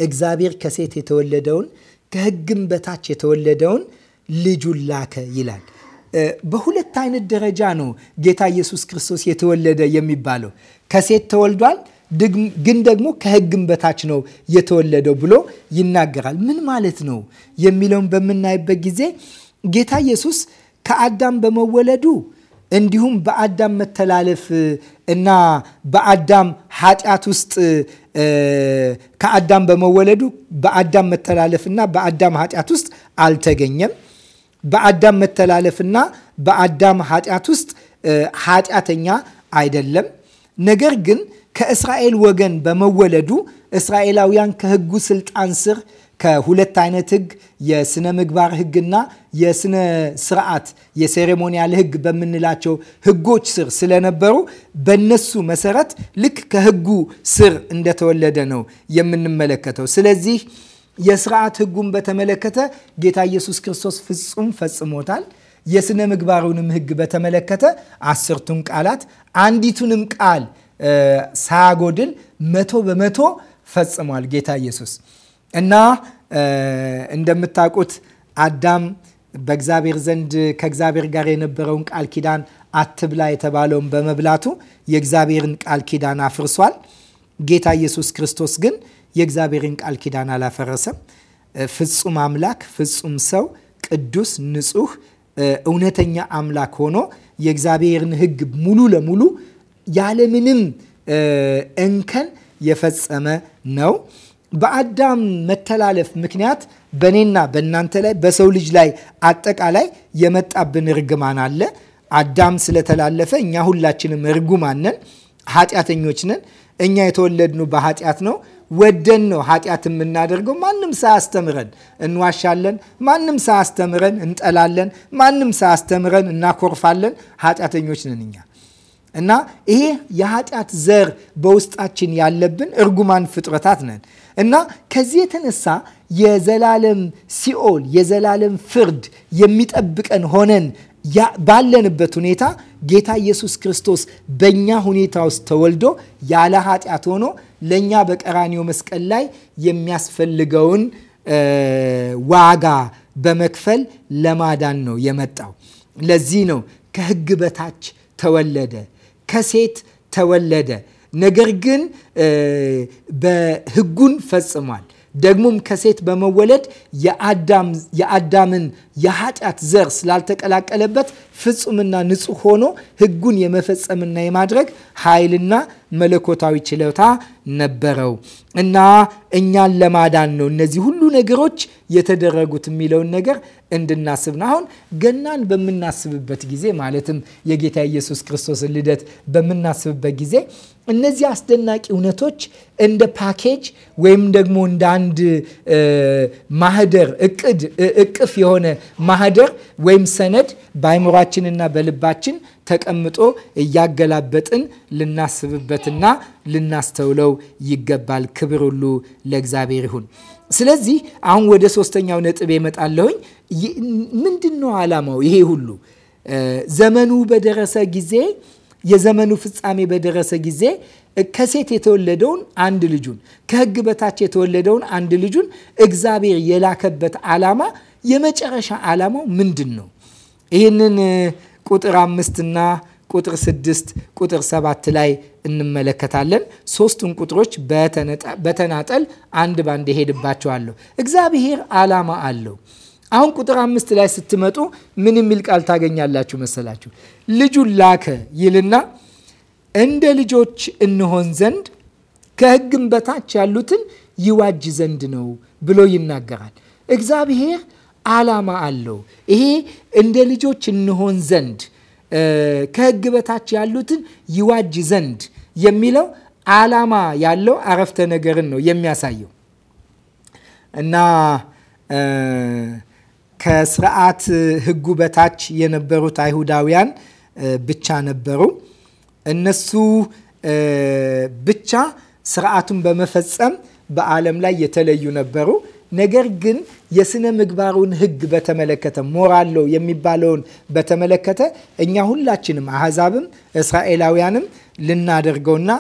እግዚአብሔር ከሴት የተወለደውን ከሕግም በታች የተወለደውን ልጁን ላከ ይላል። በሁለት አይነት ደረጃ ነው ጌታ ኢየሱስ ክርስቶስ የተወለደ የሚባለው ከሴት ተወልዷል። ግን ደግሞ ከህግም በታች ነው የተወለደው ብሎ ይናገራል። ምን ማለት ነው የሚለውን በምናይበት ጊዜ ጌታ ኢየሱስ ከአዳም በመወለዱ እንዲሁም በአዳም መተላለፍ እና በአዳም ኃጢአት ውስጥ ከአዳም በመወለዱ በአዳም መተላለፍ እና በአዳም ኃጢአት ውስጥ አልተገኘም። በአዳም መተላለፍ እና በአዳም ኃጢአት ውስጥ ኃጢአተኛ አይደለም። ነገር ግን ከእስራኤል ወገን በመወለዱ እስራኤላውያን ከህጉ ስልጣን ስር ከሁለት አይነት ህግ የስነ ምግባር ህግና የስነ ስርዓት የሴሬሞኒያል ህግ በምንላቸው ህጎች ስር ስለነበሩ በነሱ መሰረት ልክ ከህጉ ስር እንደተወለደ ነው የምንመለከተው። ስለዚህ የስርዓት ህጉን በተመለከተ ጌታ ኢየሱስ ክርስቶስ ፍጹም ፈጽሞታል። የስነ ምግባሩንም ህግ በተመለከተ አስርቱን ቃላት አንዲቱንም ቃል ሳያጎድል መቶ በመቶ ፈጽሟል ጌታ ኢየሱስ እና እንደምታውቁት አዳም በእግዚአብሔር ዘንድ ከእግዚአብሔር ጋር የነበረውን ቃል ኪዳን አትብላ የተባለውን በመብላቱ የእግዚአብሔርን ቃል ኪዳን አፍርሷል። ጌታ ኢየሱስ ክርስቶስ ግን የእግዚአብሔርን ቃል ኪዳን አላፈረሰም። ፍጹም አምላክ፣ ፍጹም ሰው፣ ቅዱስ፣ ንጹህ፣ እውነተኛ አምላክ ሆኖ የእግዚአብሔርን ሕግ ሙሉ ለሙሉ ያለምንም እንከን የፈጸመ ነው። በአዳም መተላለፍ ምክንያት በእኔና በእናንተ ላይ በሰው ልጅ ላይ አጠቃላይ የመጣብን እርግማን አለ። አዳም ስለተላለፈ እኛ ሁላችንም እርጉማን ነን፣ ኃጢአተኞች ነን። እኛ የተወለድነው በኃጢአት ነው። ወደን ነው ኃጢአት የምናደርገው። ማንም ሳያስተምረን እንዋሻለን። ማንም ሳያስተምረን እንጠላለን። ማንም ሳያስተምረን እናኮርፋለን። ኃጢአተኞች ነን እኛ እና ይሄ የኃጢአት ዘር በውስጣችን ያለብን እርጉማን ፍጥረታት ነን እና ከዚህ የተነሳ የዘላለም ሲኦል የዘላለም ፍርድ የሚጠብቀን ሆነን ባለንበት ሁኔታ ጌታ ኢየሱስ ክርስቶስ በእኛ ሁኔታ ውስጥ ተወልዶ ያለ ኃጢአት ሆኖ ለእኛ በቀራኒው መስቀል ላይ የሚያስፈልገውን ዋጋ በመክፈል ለማዳን ነው የመጣው። ለዚህ ነው ከሕግ በታች ተወለደ ከሴት ተወለደ። ነገር ግን በህጉን ፈጽሟል። ደግሞም ከሴት በመወለድ የአዳምን የኃጢአት ዘር ስላልተቀላቀለበት ፍጹምና ንጹህ ሆኖ ህጉን የመፈጸምና የማድረግ ኃይልና መለኮታዊ ችሎታ ነበረው እና እኛን ለማዳን ነው እነዚህ ሁሉ ነገሮች የተደረጉት የሚለውን ነገር እንድናስብ ነው። አሁን ገናን በምናስብበት ጊዜ ማለትም የጌታ ኢየሱስ ክርስቶስን ልደት በምናስብበት ጊዜ እነዚህ አስደናቂ እውነቶች እንደ ፓኬጅ ወይም ደግሞ እንደ አንድ ማህደር እቅድ እቅፍ የሆነ ማህደር ወይም ሰነድ በአይምሯችንና በልባችን ተቀምጦ እያገላበጥን ልናስብበትና ልናስተውለው ይገባል። ክብር ሁሉ ለእግዚአብሔር ይሁን። ስለዚህ አሁን ወደ ሶስተኛው ነጥብ የመጣለሁኝ ምንድን ነው ዓላማው? ይሄ ሁሉ ዘመኑ በደረሰ ጊዜ የዘመኑ ፍጻሜ በደረሰ ጊዜ ከሴት የተወለደውን አንድ ልጁን ከሕግ በታች የተወለደውን አንድ ልጁን እግዚአብሔር የላከበት ዓላማ የመጨረሻ ዓላማው ምንድን ነው? ይህንን ቁጥር አምስትና ቁጥር ስድስት ቁጥር ሰባት ላይ እንመለከታለን። ሶስቱን ቁጥሮች በተናጠል አንድ ባንድ እሄድባቸዋለሁ። እግዚአብሔር ዓላማ አለው። አሁን ቁጥር አምስት ላይ ስትመጡ ምን የሚል ቃል ታገኛላችሁ መሰላችሁ? ልጁን ላከ ይልና እንደ ልጆች እንሆን ዘንድ ከሕግም በታች ያሉትን ይዋጅ ዘንድ ነው ብሎ ይናገራል። እግዚአብሔር ዓላማ አለው። ይሄ እንደ ልጆች እንሆን ዘንድ ከሕግ በታች ያሉትን ይዋጅ ዘንድ የሚለው ዓላማ ያለው አረፍተ ነገርን ነው የሚያሳየው እና ከስርዓት ሕጉ በታች የነበሩት አይሁዳውያን ብቻ ነበሩ። እነሱ ብቻ ስርዓቱን በመፈጸም በዓለም ላይ የተለዩ ነበሩ። ነገር ግን የስነ ምግባሩን ህግ በተመለከተ ሞራሎ የሚባለውን በተመለከተ እኛ ሁላችንም አህዛብም እስራኤላውያንም ልናደርገውና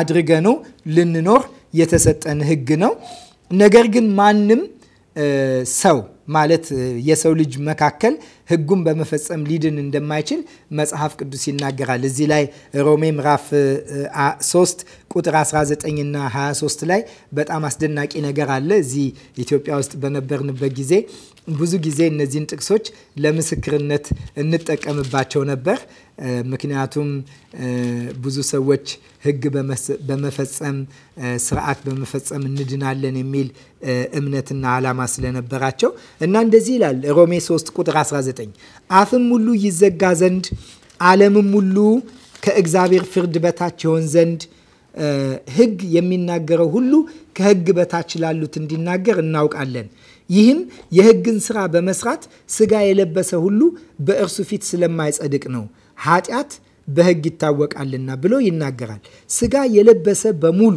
አድርገኑ ልንኖር የተሰጠን ህግ ነው። ነገር ግን ማንም ሰው ማለት የሰው ልጅ መካከል ህጉን በመፈጸም ሊድን እንደማይችል መጽሐፍ ቅዱስ ይናገራል። እዚህ ላይ ሮሜ ምዕራፍ 3 ቁጥር 19ና 23 ላይ በጣም አስደናቂ ነገር አለ። እዚህ ኢትዮጵያ ውስጥ በነበርንበት ጊዜ ብዙ ጊዜ እነዚህን ጥቅሶች ለምስክርነት እንጠቀምባቸው ነበር። ምክንያቱም ብዙ ሰዎች ህግ በመፈጸም ስርዓት በመፈጸም እንድናለን የሚል እምነትና አላማ ስለነበራቸው እና እንደዚህ ይላል ሮሜ 3 ቁጥር 19 አፍም ሁሉ ይዘጋ ዘንድ ዓለምም ሁሉ ከእግዚአብሔር ፍርድ በታች ይሆን ዘንድ ሕግ የሚናገረው ሁሉ ከሕግ በታች ላሉት እንዲናገር እናውቃለን። ይህም የሕግን ስራ በመስራት ስጋ የለበሰ ሁሉ በእርሱ ፊት ስለማይጸድቅ ነው፣ ኃጢአት በሕግ ይታወቃልና ብሎ ይናገራል። ስጋ የለበሰ በሙሉ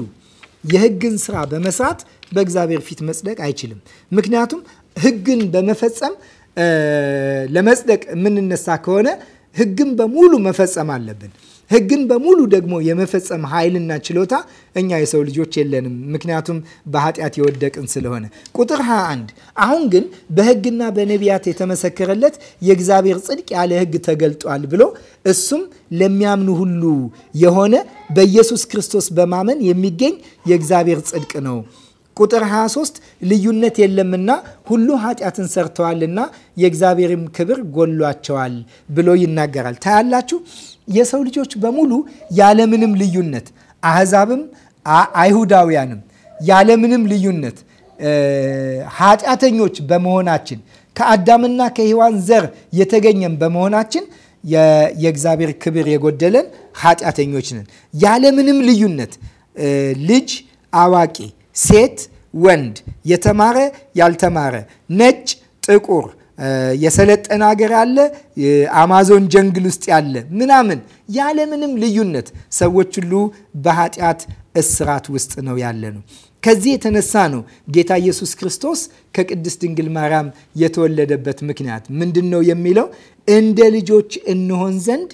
የሕግን ስራ በመስራት በእግዚአብሔር ፊት መጽደቅ አይችልም። ምክንያቱም ሕግን በመፈጸም ለመጽደቅ የምንነሳ ከሆነ ህግን በሙሉ መፈጸም አለብን። ህግን በሙሉ ደግሞ የመፈጸም ኃይልና ችሎታ እኛ የሰው ልጆች የለንም፣ ምክንያቱም በኃጢአት የወደቅን ስለሆነ። ቁጥር 21 አሁን ግን በህግና በነቢያት የተመሰከረለት የእግዚአብሔር ጽድቅ ያለ ህግ ተገልጧል ብሎ እሱም ለሚያምኑ ሁሉ የሆነ በኢየሱስ ክርስቶስ በማመን የሚገኝ የእግዚአብሔር ጽድቅ ነው ቁጥር 23 ልዩነት የለምና ሁሉ ኃጢአትን ሰርተዋልና የእግዚአብሔርም ክብር ጎሏቸዋል ብሎ ይናገራል። ታያላችሁ የሰው ልጆች በሙሉ ያለምንም ልዩነት አህዛብም አይሁዳውያንም ያለምንም ልዩነት ኃጢአተኞች በመሆናችን ከአዳምና ከሔዋን ዘር የተገኘን በመሆናችን የእግዚአብሔር ክብር የጎደለን ኃጢአተኞች ነን። ያለምንም ልዩነት ልጅ፣ አዋቂ ሴት፣ ወንድ፣ የተማረ፣ ያልተማረ፣ ነጭ፣ ጥቁር፣ የሰለጠነ ሀገር አለ፣ አማዞን ጀንግል ውስጥ ያለ ምናምን ያለምንም ልዩነት ሰዎች ሁሉ በኃጢአት እስራት ውስጥ ነው ያለ ነው። ከዚህ የተነሳ ነው ጌታ ኢየሱስ ክርስቶስ ከቅድስት ድንግል ማርያም የተወለደበት ምክንያት ምንድን ነው የሚለው እንደ ልጆች እንሆን ዘንድ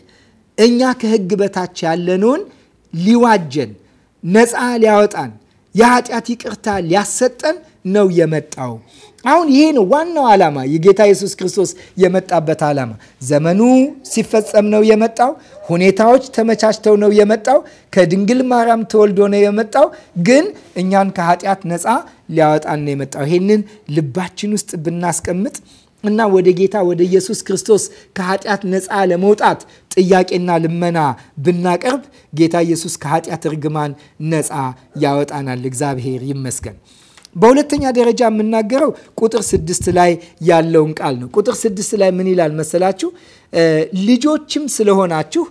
እኛ ከሕግ በታች ያለነውን ሊዋጀን ነፃ ሊያወጣን የኃጢአት ይቅርታ ሊያሰጠን ነው የመጣው። አሁን ይሄ ነው ዋናው ዓላማ፣ የጌታ ኢየሱስ ክርስቶስ የመጣበት ዓላማ። ዘመኑ ሲፈጸም ነው የመጣው። ሁኔታዎች ተመቻችተው ነው የመጣው። ከድንግል ማርያም ተወልዶ ነው የመጣው። ግን እኛን ከኃጢአት ነፃ ሊያወጣን ነው የመጣው። ይሄንን ልባችን ውስጥ ብናስቀምጥ እና ወደ ጌታ ወደ ኢየሱስ ክርስቶስ ከኃጢአት ነፃ ለመውጣት ጥያቄና ልመና ብናቀርብ ጌታ ኢየሱስ ከኃጢአት እርግማን ነፃ ያወጣናል። እግዚአብሔር ይመስገን። በሁለተኛ ደረጃ የምናገረው ቁጥር ስድስት ላይ ያለውን ቃል ነው። ቁጥር ስድስት ላይ ምን ይላል መሰላችሁ? ልጆችም ስለሆናችሁ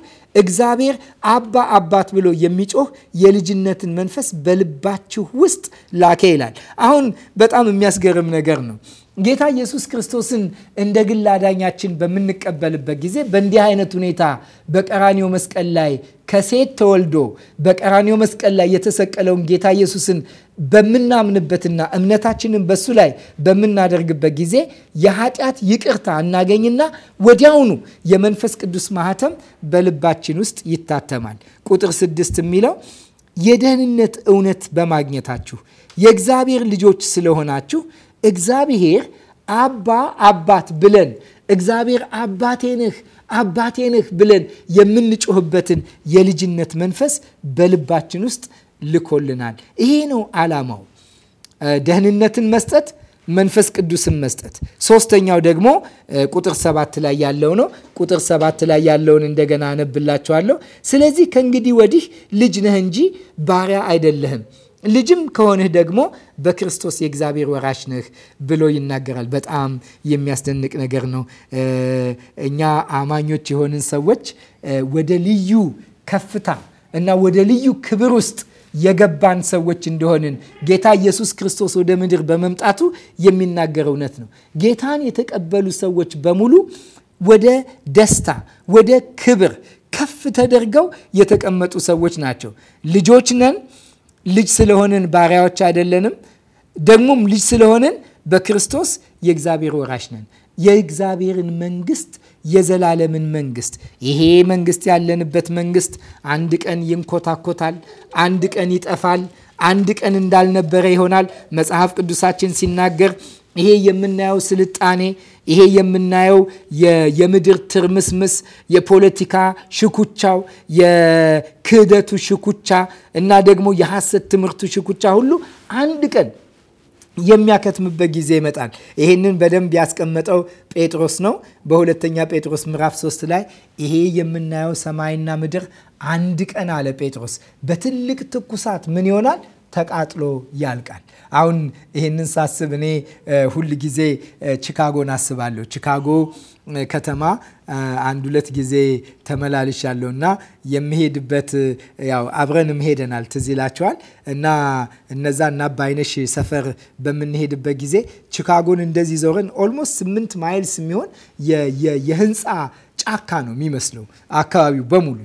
እግዚአብሔር አባ አባት ብሎ የሚጮህ የልጅነትን መንፈስ በልባችሁ ውስጥ ላከ ይላል። አሁን በጣም የሚያስገርም ነገር ነው። ጌታ ኢየሱስ ክርስቶስን እንደ ግል አዳኛችን በምንቀበልበት ጊዜ በእንዲህ አይነት ሁኔታ በቀራኒዮ መስቀል ላይ ከሴት ተወልዶ በቀራኒዮ መስቀል ላይ የተሰቀለውን ጌታ ኢየሱስን በምናምንበትና እምነታችንን በሱ ላይ በምናደርግበት ጊዜ የኃጢአት ይቅርታ እናገኝና ወዲያውኑ የመንፈስ ቅዱስ ማህተም በልባችን ውስጥ ይታተማል። ቁጥር ስድስት የሚለው የደህንነት እውነት በማግኘታችሁ የእግዚአብሔር ልጆች ስለሆናችሁ እግዚአብሔር አባ አባት ብለን እግዚአብሔር አባቴ ነህ አባቴ ነህ ብለን የምንጮህበትን የልጅነት መንፈስ በልባችን ውስጥ ልኮልናል። ይሄ ነው ዓላማው፣ ደህንነትን መስጠት፣ መንፈስ ቅዱስን መስጠት። ሶስተኛው ደግሞ ቁጥር ሰባት ላይ ያለው ነው። ቁጥር ሰባት ላይ ያለውን እንደገና አነብላችኋለሁ። ስለዚህ ከእንግዲህ ወዲህ ልጅ ነህ እንጂ ባሪያ አይደለህም ልጅም ከሆንህ ደግሞ በክርስቶስ የእግዚአብሔር ወራሽ ነህ ብሎ ይናገራል። በጣም የሚያስደንቅ ነገር ነው። እኛ አማኞች የሆንን ሰዎች ወደ ልዩ ከፍታ እና ወደ ልዩ ክብር ውስጥ የገባን ሰዎች እንደሆንን ጌታ ኢየሱስ ክርስቶስ ወደ ምድር በመምጣቱ የሚናገር እውነት ነው። ጌታን የተቀበሉ ሰዎች በሙሉ ወደ ደስታ፣ ወደ ክብር ከፍ ተደርገው የተቀመጡ ሰዎች ናቸው። ልጆች ነን ልጅ ስለሆንን ባሪያዎች አይደለንም። ደግሞም ልጅ ስለሆንን በክርስቶስ የእግዚአብሔር ወራሽ ነን። የእግዚአብሔርን መንግስት የዘላለምን መንግስት ይሄ መንግስት ያለንበት መንግስት አንድ ቀን ይንኮታኮታል፣ አንድ ቀን ይጠፋል፣ አንድ ቀን እንዳልነበረ ይሆናል። መጽሐፍ ቅዱሳችን ሲናገር ይሄ የምናየው ስልጣኔ ይሄ የምናየው የምድር ትርምስምስ፣ የፖለቲካ ሽኩቻው፣ የክህደቱ ሽኩቻ እና ደግሞ የሐሰት ትምህርቱ ሽኩቻ ሁሉ አንድ ቀን የሚያከትምበት ጊዜ ይመጣል። ይሄንን በደንብ ያስቀመጠው ጴጥሮስ ነው። በሁለተኛ ጴጥሮስ ምዕራፍ 3 ላይ ይሄ የምናየው ሰማይና ምድር አንድ ቀን አለ ጴጥሮስ በትልቅ ትኩሳት ምን ይሆናል? ተቃጥሎ ያልቃል። አሁን ይህንን ሳስብ እኔ ሁል ጊዜ ቺካጎን አስባለሁ። ቺካጎ ከተማ አንድ ሁለት ጊዜ ያለው እና የምሄድበት ያው አብረንም ሄደናል ትዝ ይላቸዋል እና እነዛ እና በአይነሽ ሰፈር በምንሄድበት ጊዜ ቺካጎን እንደዚህ ዞረን ኦልሞስት ስምንት ማይልስ የሚሆን የህንፃ ጫካ ነው የሚመስለው አካባቢው በሙሉ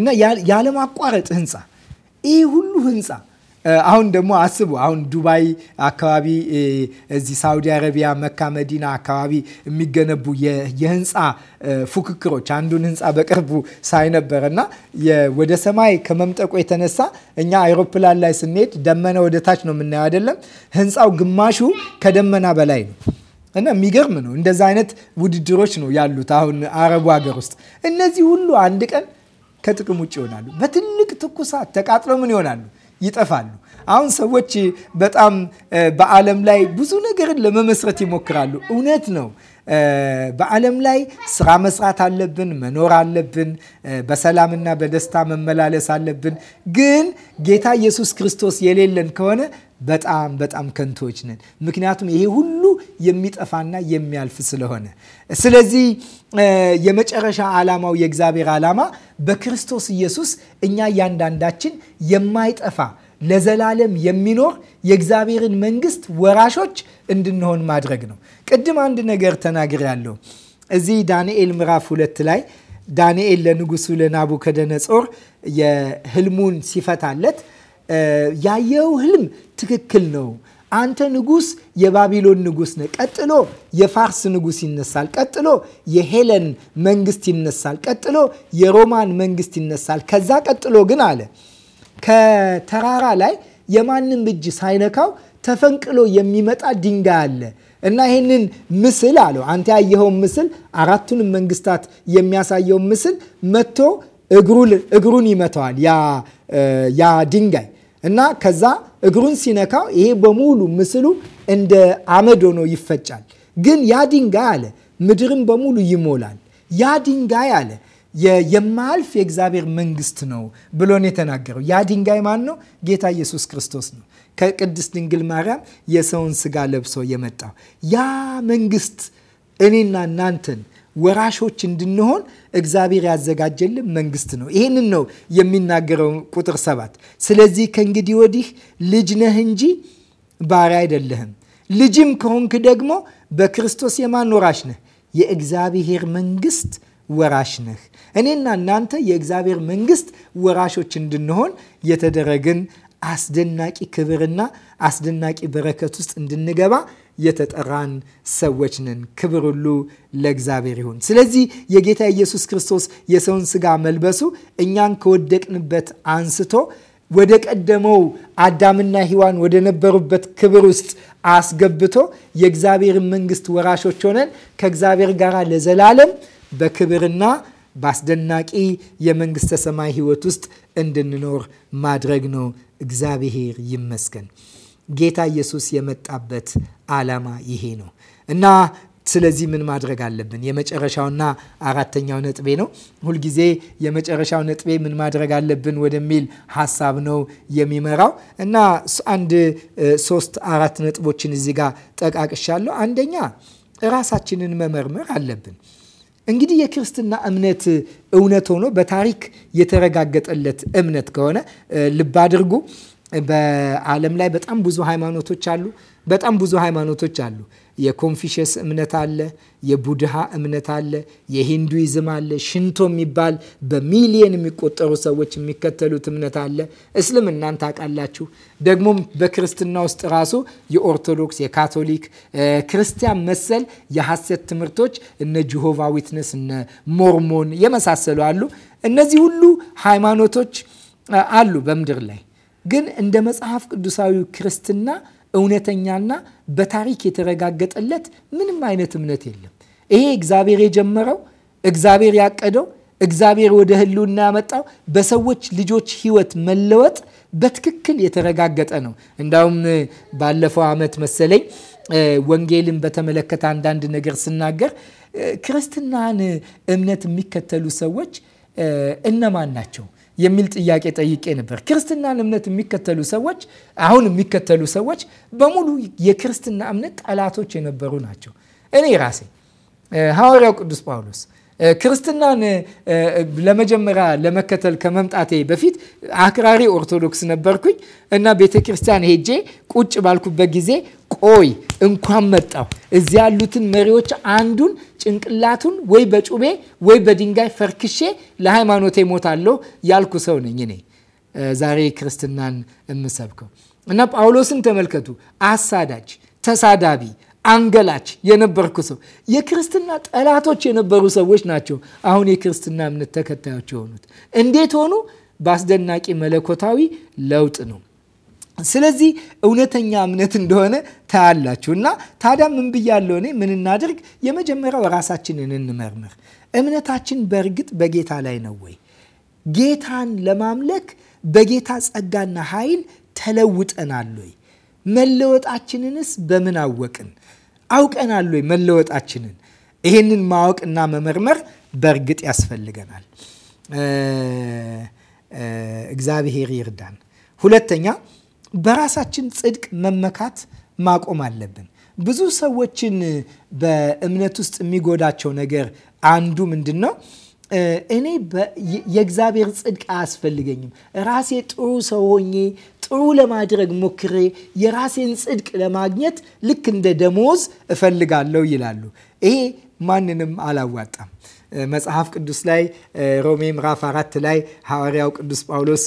እና ያለማቋረጥ ህንፃ ይህ ሁሉ ህንፃ አሁን ደግሞ አስቡ። አሁን ዱባይ አካባቢ እዚህ ሳውዲ አረቢያ መካ መዲና አካባቢ የሚገነቡ የህንፃ ፉክክሮች አንዱን ህንፃ በቅርቡ ሳይ ነበር እና ወደ ሰማይ ከመምጠቁ የተነሳ እኛ አይሮፕላን ላይ ስንሄድ ደመና ወደ ታች ነው የምናየው አይደለም። ህንፃው ግማሹ ከደመና በላይ ነው እና የሚገርም ነው። እንደዛ አይነት ውድድሮች ነው ያሉት አሁን አረቡ ሀገር ውስጥ። እነዚህ ሁሉ አንድ ቀን ከጥቅም ውጭ ይሆናሉ። በትልቅ ትኩሳት ተቃጥሎ ምን ይሆናሉ? ይጠፋሉ። አሁን ሰዎች በጣም በዓለም ላይ ብዙ ነገርን ለመመስረት ይሞክራሉ። እውነት ነው በዓለም ላይ ስራ መስራት አለብን፣ መኖር አለብን፣ በሰላምና በደስታ መመላለስ አለብን። ግን ጌታ ኢየሱስ ክርስቶስ የሌለን ከሆነ በጣም በጣም ከንቶች ነን። ምክንያቱም ይሄ ሁሉ የሚጠፋና የሚያልፍ ስለሆነ፣ ስለዚህ የመጨረሻ ዓላማው የእግዚአብሔር ዓላማ በክርስቶስ ኢየሱስ እኛ እያንዳንዳችን የማይጠፋ ለዘላለም የሚኖር የእግዚአብሔርን መንግስት ወራሾች እንድንሆን ማድረግ ነው። ቅድም አንድ ነገር ተናግሬያለሁ። እዚህ ዳንኤል ምዕራፍ ሁለት ላይ ዳንኤል ለንጉሱ ለናቡከደነጾር የህልሙን ሲፈታለት ያየው ህልም ትክክል ነው አንተ ንጉስ የባቢሎን ንጉስ ነህ። ቀጥሎ የፋርስ ንጉስ ይነሳል። ቀጥሎ የሄለን መንግስት ይነሳል። ቀጥሎ የሮማን መንግስት ይነሳል። ከዛ ቀጥሎ ግን አለ ከተራራ ላይ የማንም እጅ ሳይነካው ተፈንቅሎ የሚመጣ ድንጋይ አለ እና ይህንን ምስል አለው አንተ ያየኸውን ምስል አራቱንም መንግስታት የሚያሳየውን ምስል መጥቶ እግሩን ይመታዋል ያ ድንጋይ እና ከዛ እግሩን ሲነካው ይሄ በሙሉ ምስሉ እንደ አመድ ሆኖ ይፈጫል። ግን ያ ድንጋይ አለ ምድርን በሙሉ ይሞላል። ያ ድንጋይ አለ የማልፍ የእግዚአብሔር መንግስት ነው ብሎ ነው የተናገረው። ያ ድንጋይ ማን ነው? ጌታ ኢየሱስ ክርስቶስ ነው። ከቅድስት ድንግል ማርያም የሰውን ስጋ ለብሶ የመጣው ያ መንግስት እኔና እናንተን ወራሾች እንድንሆን እግዚአብሔር ያዘጋጀልን መንግስት ነው። ይህንን ነው የሚናገረው ቁጥር ሰባት ስለዚህ ከእንግዲህ ወዲህ ልጅ ነህ እንጂ ባሪያ አይደለህም። ልጅም ከሆንክ ደግሞ በክርስቶስ የማን ወራሽ ነህ? የእግዚአብሔር መንግስት ወራሽ ነህ። እኔና እናንተ የእግዚአብሔር መንግስት ወራሾች እንድንሆን የተደረግን አስደናቂ ክብርና አስደናቂ በረከት ውስጥ እንድንገባ የተጠራን ሰዎች ነን። ክብር ሁሉ ለእግዚአብሔር ይሁን። ስለዚህ የጌታ ኢየሱስ ክርስቶስ የሰውን ስጋ መልበሱ እኛን ከወደቅንበት አንስቶ ወደ ቀደመው አዳምና ሔዋን ወደ ነበሩበት ክብር ውስጥ አስገብቶ የእግዚአብሔርን መንግስት ወራሾች ሆነን ከእግዚአብሔር ጋር ለዘላለም በክብርና በአስደናቂ የመንግስተ ሰማይ ህይወት ውስጥ እንድንኖር ማድረግ ነው። እግዚአብሔር ይመስገን። ጌታ ኢየሱስ የመጣበት ዓላማ ይሄ ነው እና ስለዚህ ምን ማድረግ አለብን? የመጨረሻውና አራተኛው ነጥቤ ነው። ሁልጊዜ የመጨረሻው ነጥቤ ምን ማድረግ አለብን ወደሚል ሀሳብ ነው የሚመራው እና አንድ ሶስት አራት ነጥቦችን እዚህ ጋር ጠቃቅሻለሁ። አንደኛ ራሳችንን መመርመር አለብን። እንግዲህ የክርስትና እምነት እውነት ሆኖ በታሪክ የተረጋገጠለት እምነት ከሆነ ልብ አድርጉ በዓለም ላይ በጣም ብዙ ሃይማኖቶች አሉ። በጣም ብዙ ሃይማኖቶች አሉ። የኮንፊሽየስ እምነት አለ፣ የቡድሃ እምነት አለ፣ የሂንዱይዝም አለ፣ ሽንቶ የሚባል በሚሊየን የሚቆጠሩ ሰዎች የሚከተሉት እምነት አለ። እስልምናን ታውቃላችሁ። ደግሞም በክርስትና ውስጥ ራሱ የኦርቶዶክስ፣ የካቶሊክ ክርስቲያን መሰል የሐሰት ትምህርቶች እነ ጅሆቫ ዊትነስ፣ እነ ሞርሞን የመሳሰሉ አሉ። እነዚህ ሁሉ ሃይማኖቶች አሉ በምድር ላይ ግን እንደ መጽሐፍ ቅዱሳዊ ክርስትና እውነተኛና በታሪክ የተረጋገጠለት ምንም አይነት እምነት የለም። ይሄ እግዚአብሔር የጀመረው እግዚአብሔር ያቀደው እግዚአብሔር ወደ ሕልውና ያመጣው በሰዎች ልጆች ህይወት መለወጥ በትክክል የተረጋገጠ ነው። እንዳውም ባለፈው ዓመት መሰለኝ ወንጌልን በተመለከተ አንዳንድ ነገር ስናገር ክርስትናን እምነት የሚከተሉ ሰዎች እነማን ናቸው የሚል ጥያቄ ጠይቄ ነበር። ክርስትናን እምነት የሚከተሉ ሰዎች አሁን የሚከተሉ ሰዎች በሙሉ የክርስትና እምነት ጠላቶች የነበሩ ናቸው። እኔ ራሴ ሐዋርያው ቅዱስ ጳውሎስ ክርስትናን ለመጀመሪያ ለመከተል ከመምጣቴ በፊት አክራሪ ኦርቶዶክስ ነበርኩኝ እና ቤተ ክርስቲያን ሄጄ ቁጭ ባልኩበት ጊዜ ቆይ እንኳን መጣው እዚያ ያሉትን መሪዎች አንዱን ጭንቅላቱን ወይ በጩቤ ወይ በድንጋይ ፈርክሼ ለሃይማኖቴ እሞታለሁ ያልኩ ሰው ነኝ እኔ ዛሬ ክርስትናን የምሰብከው እና ጳውሎስን ተመልከቱ አሳዳጅ ተሳዳቢ አንገላች የነበርኩ ሰው የክርስትና ጠላቶች የነበሩ ሰዎች ናቸው። አሁን የክርስትና እምነት ተከታዮች የሆኑት እንዴት ሆኑ? በአስደናቂ መለኮታዊ ለውጥ ነው። ስለዚህ እውነተኛ እምነት እንደሆነ ታያላችሁ። እና ታዲያ ምን ብያለሁ እኔ? ምን እናድርግ? የመጀመሪያው ራሳችንን እንመርምር። እምነታችን በእርግጥ በጌታ ላይ ነው ወይ? ጌታን ለማምለክ በጌታ ጸጋና ኃይል ተለውጠናል ወይ? መለወጣችንንስ በምን አወቅን? አውቀናል ወይ መለወጣችንን? ይህንን ማወቅና መመርመር በእርግጥ ያስፈልገናል። እግዚአብሔር ይርዳን። ሁለተኛ በራሳችን ጽድቅ መመካት ማቆም አለብን። ብዙ ሰዎችን በእምነት ውስጥ የሚጎዳቸው ነገር አንዱ ምንድን ነው? እኔ የእግዚአብሔር ጽድቅ አያስፈልገኝም። ራሴ ጥሩ ሰው ሆኜ ጥሩ ለማድረግ ሞክሬ የራሴን ጽድቅ ለማግኘት ልክ እንደ ደሞዝ እፈልጋለሁ ይላሉ። ይሄ ማንንም አላዋጣም። መጽሐፍ ቅዱስ ላይ ሮሜ ምዕራፍ አራት ላይ ሐዋርያው ቅዱስ ጳውሎስ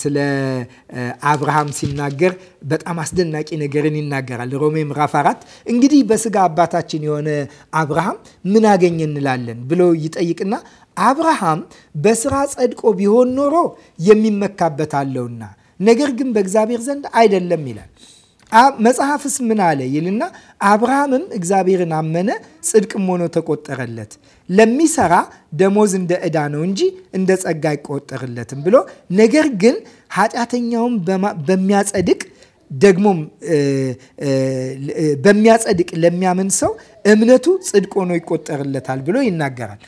ስለ አብርሃም ሲናገር በጣም አስደናቂ ነገርን ይናገራል። ሮሜ ምዕራፍ አራት እንግዲህ በስጋ አባታችን የሆነ አብርሃም ምን አገኘ እንላለን ብሎ ይጠይቅና አብርሃም በስራ ጸድቆ ቢሆን ኖሮ የሚመካበት አለውና ነገር ግን በእግዚአብሔር ዘንድ አይደለም ይላል። መጽሐፍስ ምን አለ ይልና አብርሃምም እግዚአብሔርን አመነ፣ ጽድቅም ሆኖ ተቆጠረለት። ለሚሰራ ደሞዝ እንደ ዕዳ ነው እንጂ እንደ ጸጋ አይቆጠርለትም ብሎ ነገር ግን ኃጢአተኛውን በሚያጸድቅ ደግሞም በሚያጸድቅ ለሚያምን ሰው እምነቱ ጽድቅ ሆኖ ይቆጠርለታል ብሎ ይናገራል።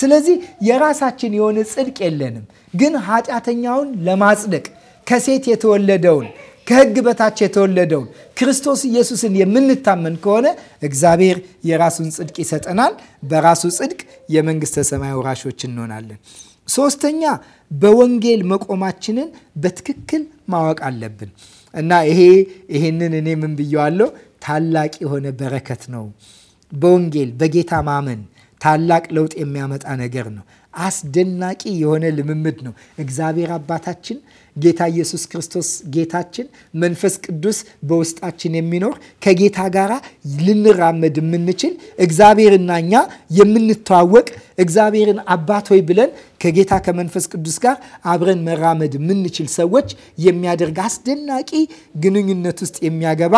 ስለዚህ የራሳችን የሆነ ጽድቅ የለንም፣ ግን ኃጢአተኛውን ለማጽደቅ ከሴት የተወለደውን ከህግ በታች የተወለደውን ክርስቶስ ኢየሱስን የምንታመን ከሆነ እግዚአብሔር የራሱን ጽድቅ ይሰጠናል። በራሱ ጽድቅ የመንግስተ ሰማይ ወራሾች እንሆናለን። ሶስተኛ በወንጌል መቆማችንን በትክክል ማወቅ አለብን እና ይሄ ይሄንን እኔ ምን ብየዋለሁ? ታላቅ የሆነ በረከት ነው። በወንጌል በጌታ ማመን ታላቅ ለውጥ የሚያመጣ ነገር ነው። አስደናቂ የሆነ ልምምድ ነው። እግዚአብሔር አባታችን ጌታ ኢየሱስ ክርስቶስ ጌታችን፣ መንፈስ ቅዱስ በውስጣችን የሚኖር ከጌታ ጋር ልንራመድ የምንችል እግዚአብሔርና እኛ የምንተዋወቅ እግዚአብሔርን አባት ሆይ ብለን ከጌታ ከመንፈስ ቅዱስ ጋር አብረን መራመድ የምንችል ሰዎች የሚያደርግ አስደናቂ ግንኙነት ውስጥ የሚያገባ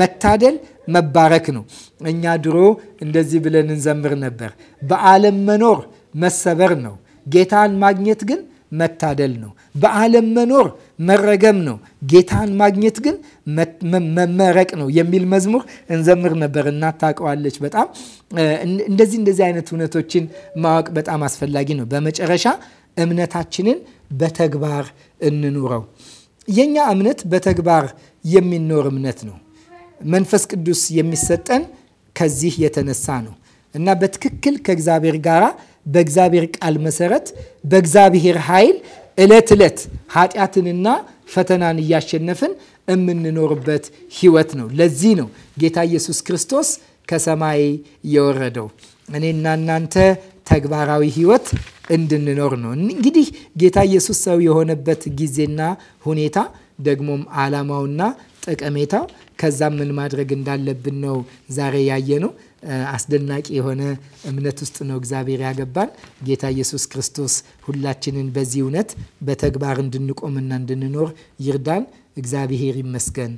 መታደል መባረክ ነው። እኛ ድሮ እንደዚህ ብለን እንዘምር ነበር። በዓለም መኖር መሰበር ነው፣ ጌታን ማግኘት ግን መታደል ነው። በዓለም መኖር መረገም ነው። ጌታን ማግኘት ግን መመረቅ ነው የሚል መዝሙር እንዘምር ነበር። እናታውቀዋለች በጣም እንደዚህ እንደዚህ አይነት እውነቶችን ማወቅ በጣም አስፈላጊ ነው። በመጨረሻ እምነታችንን በተግባር እንኑረው። የእኛ እምነት በተግባር የሚኖር እምነት ነው። መንፈስ ቅዱስ የሚሰጠን ከዚህ የተነሳ ነው እና በትክክል ከእግዚአብሔር ጋር በእግዚአብሔር ቃል መሰረት በእግዚአብሔር ኃይል ዕለት ዕለት ኃጢአትንና ፈተናን እያሸነፍን የምንኖርበት ህይወት ነው። ለዚህ ነው ጌታ ኢየሱስ ክርስቶስ ከሰማይ የወረደው እኔና እናንተ ተግባራዊ ህይወት እንድንኖር ነው። እንግዲህ ጌታ ኢየሱስ ሰው የሆነበት ጊዜና ሁኔታ ደግሞም ዓላማውና ጠቀሜታው ከዛም ምን ማድረግ እንዳለብን ነው ዛሬ ያየ ነው። አስደናቂ የሆነ እምነት ውስጥ ነው እግዚአብሔር ያገባን። ጌታ ኢየሱስ ክርስቶስ ሁላችንን በዚህ እውነት በተግባር እንድንቆምና እንድንኖር ይርዳን። እግዚአብሔር ይመስገን።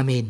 አሜን።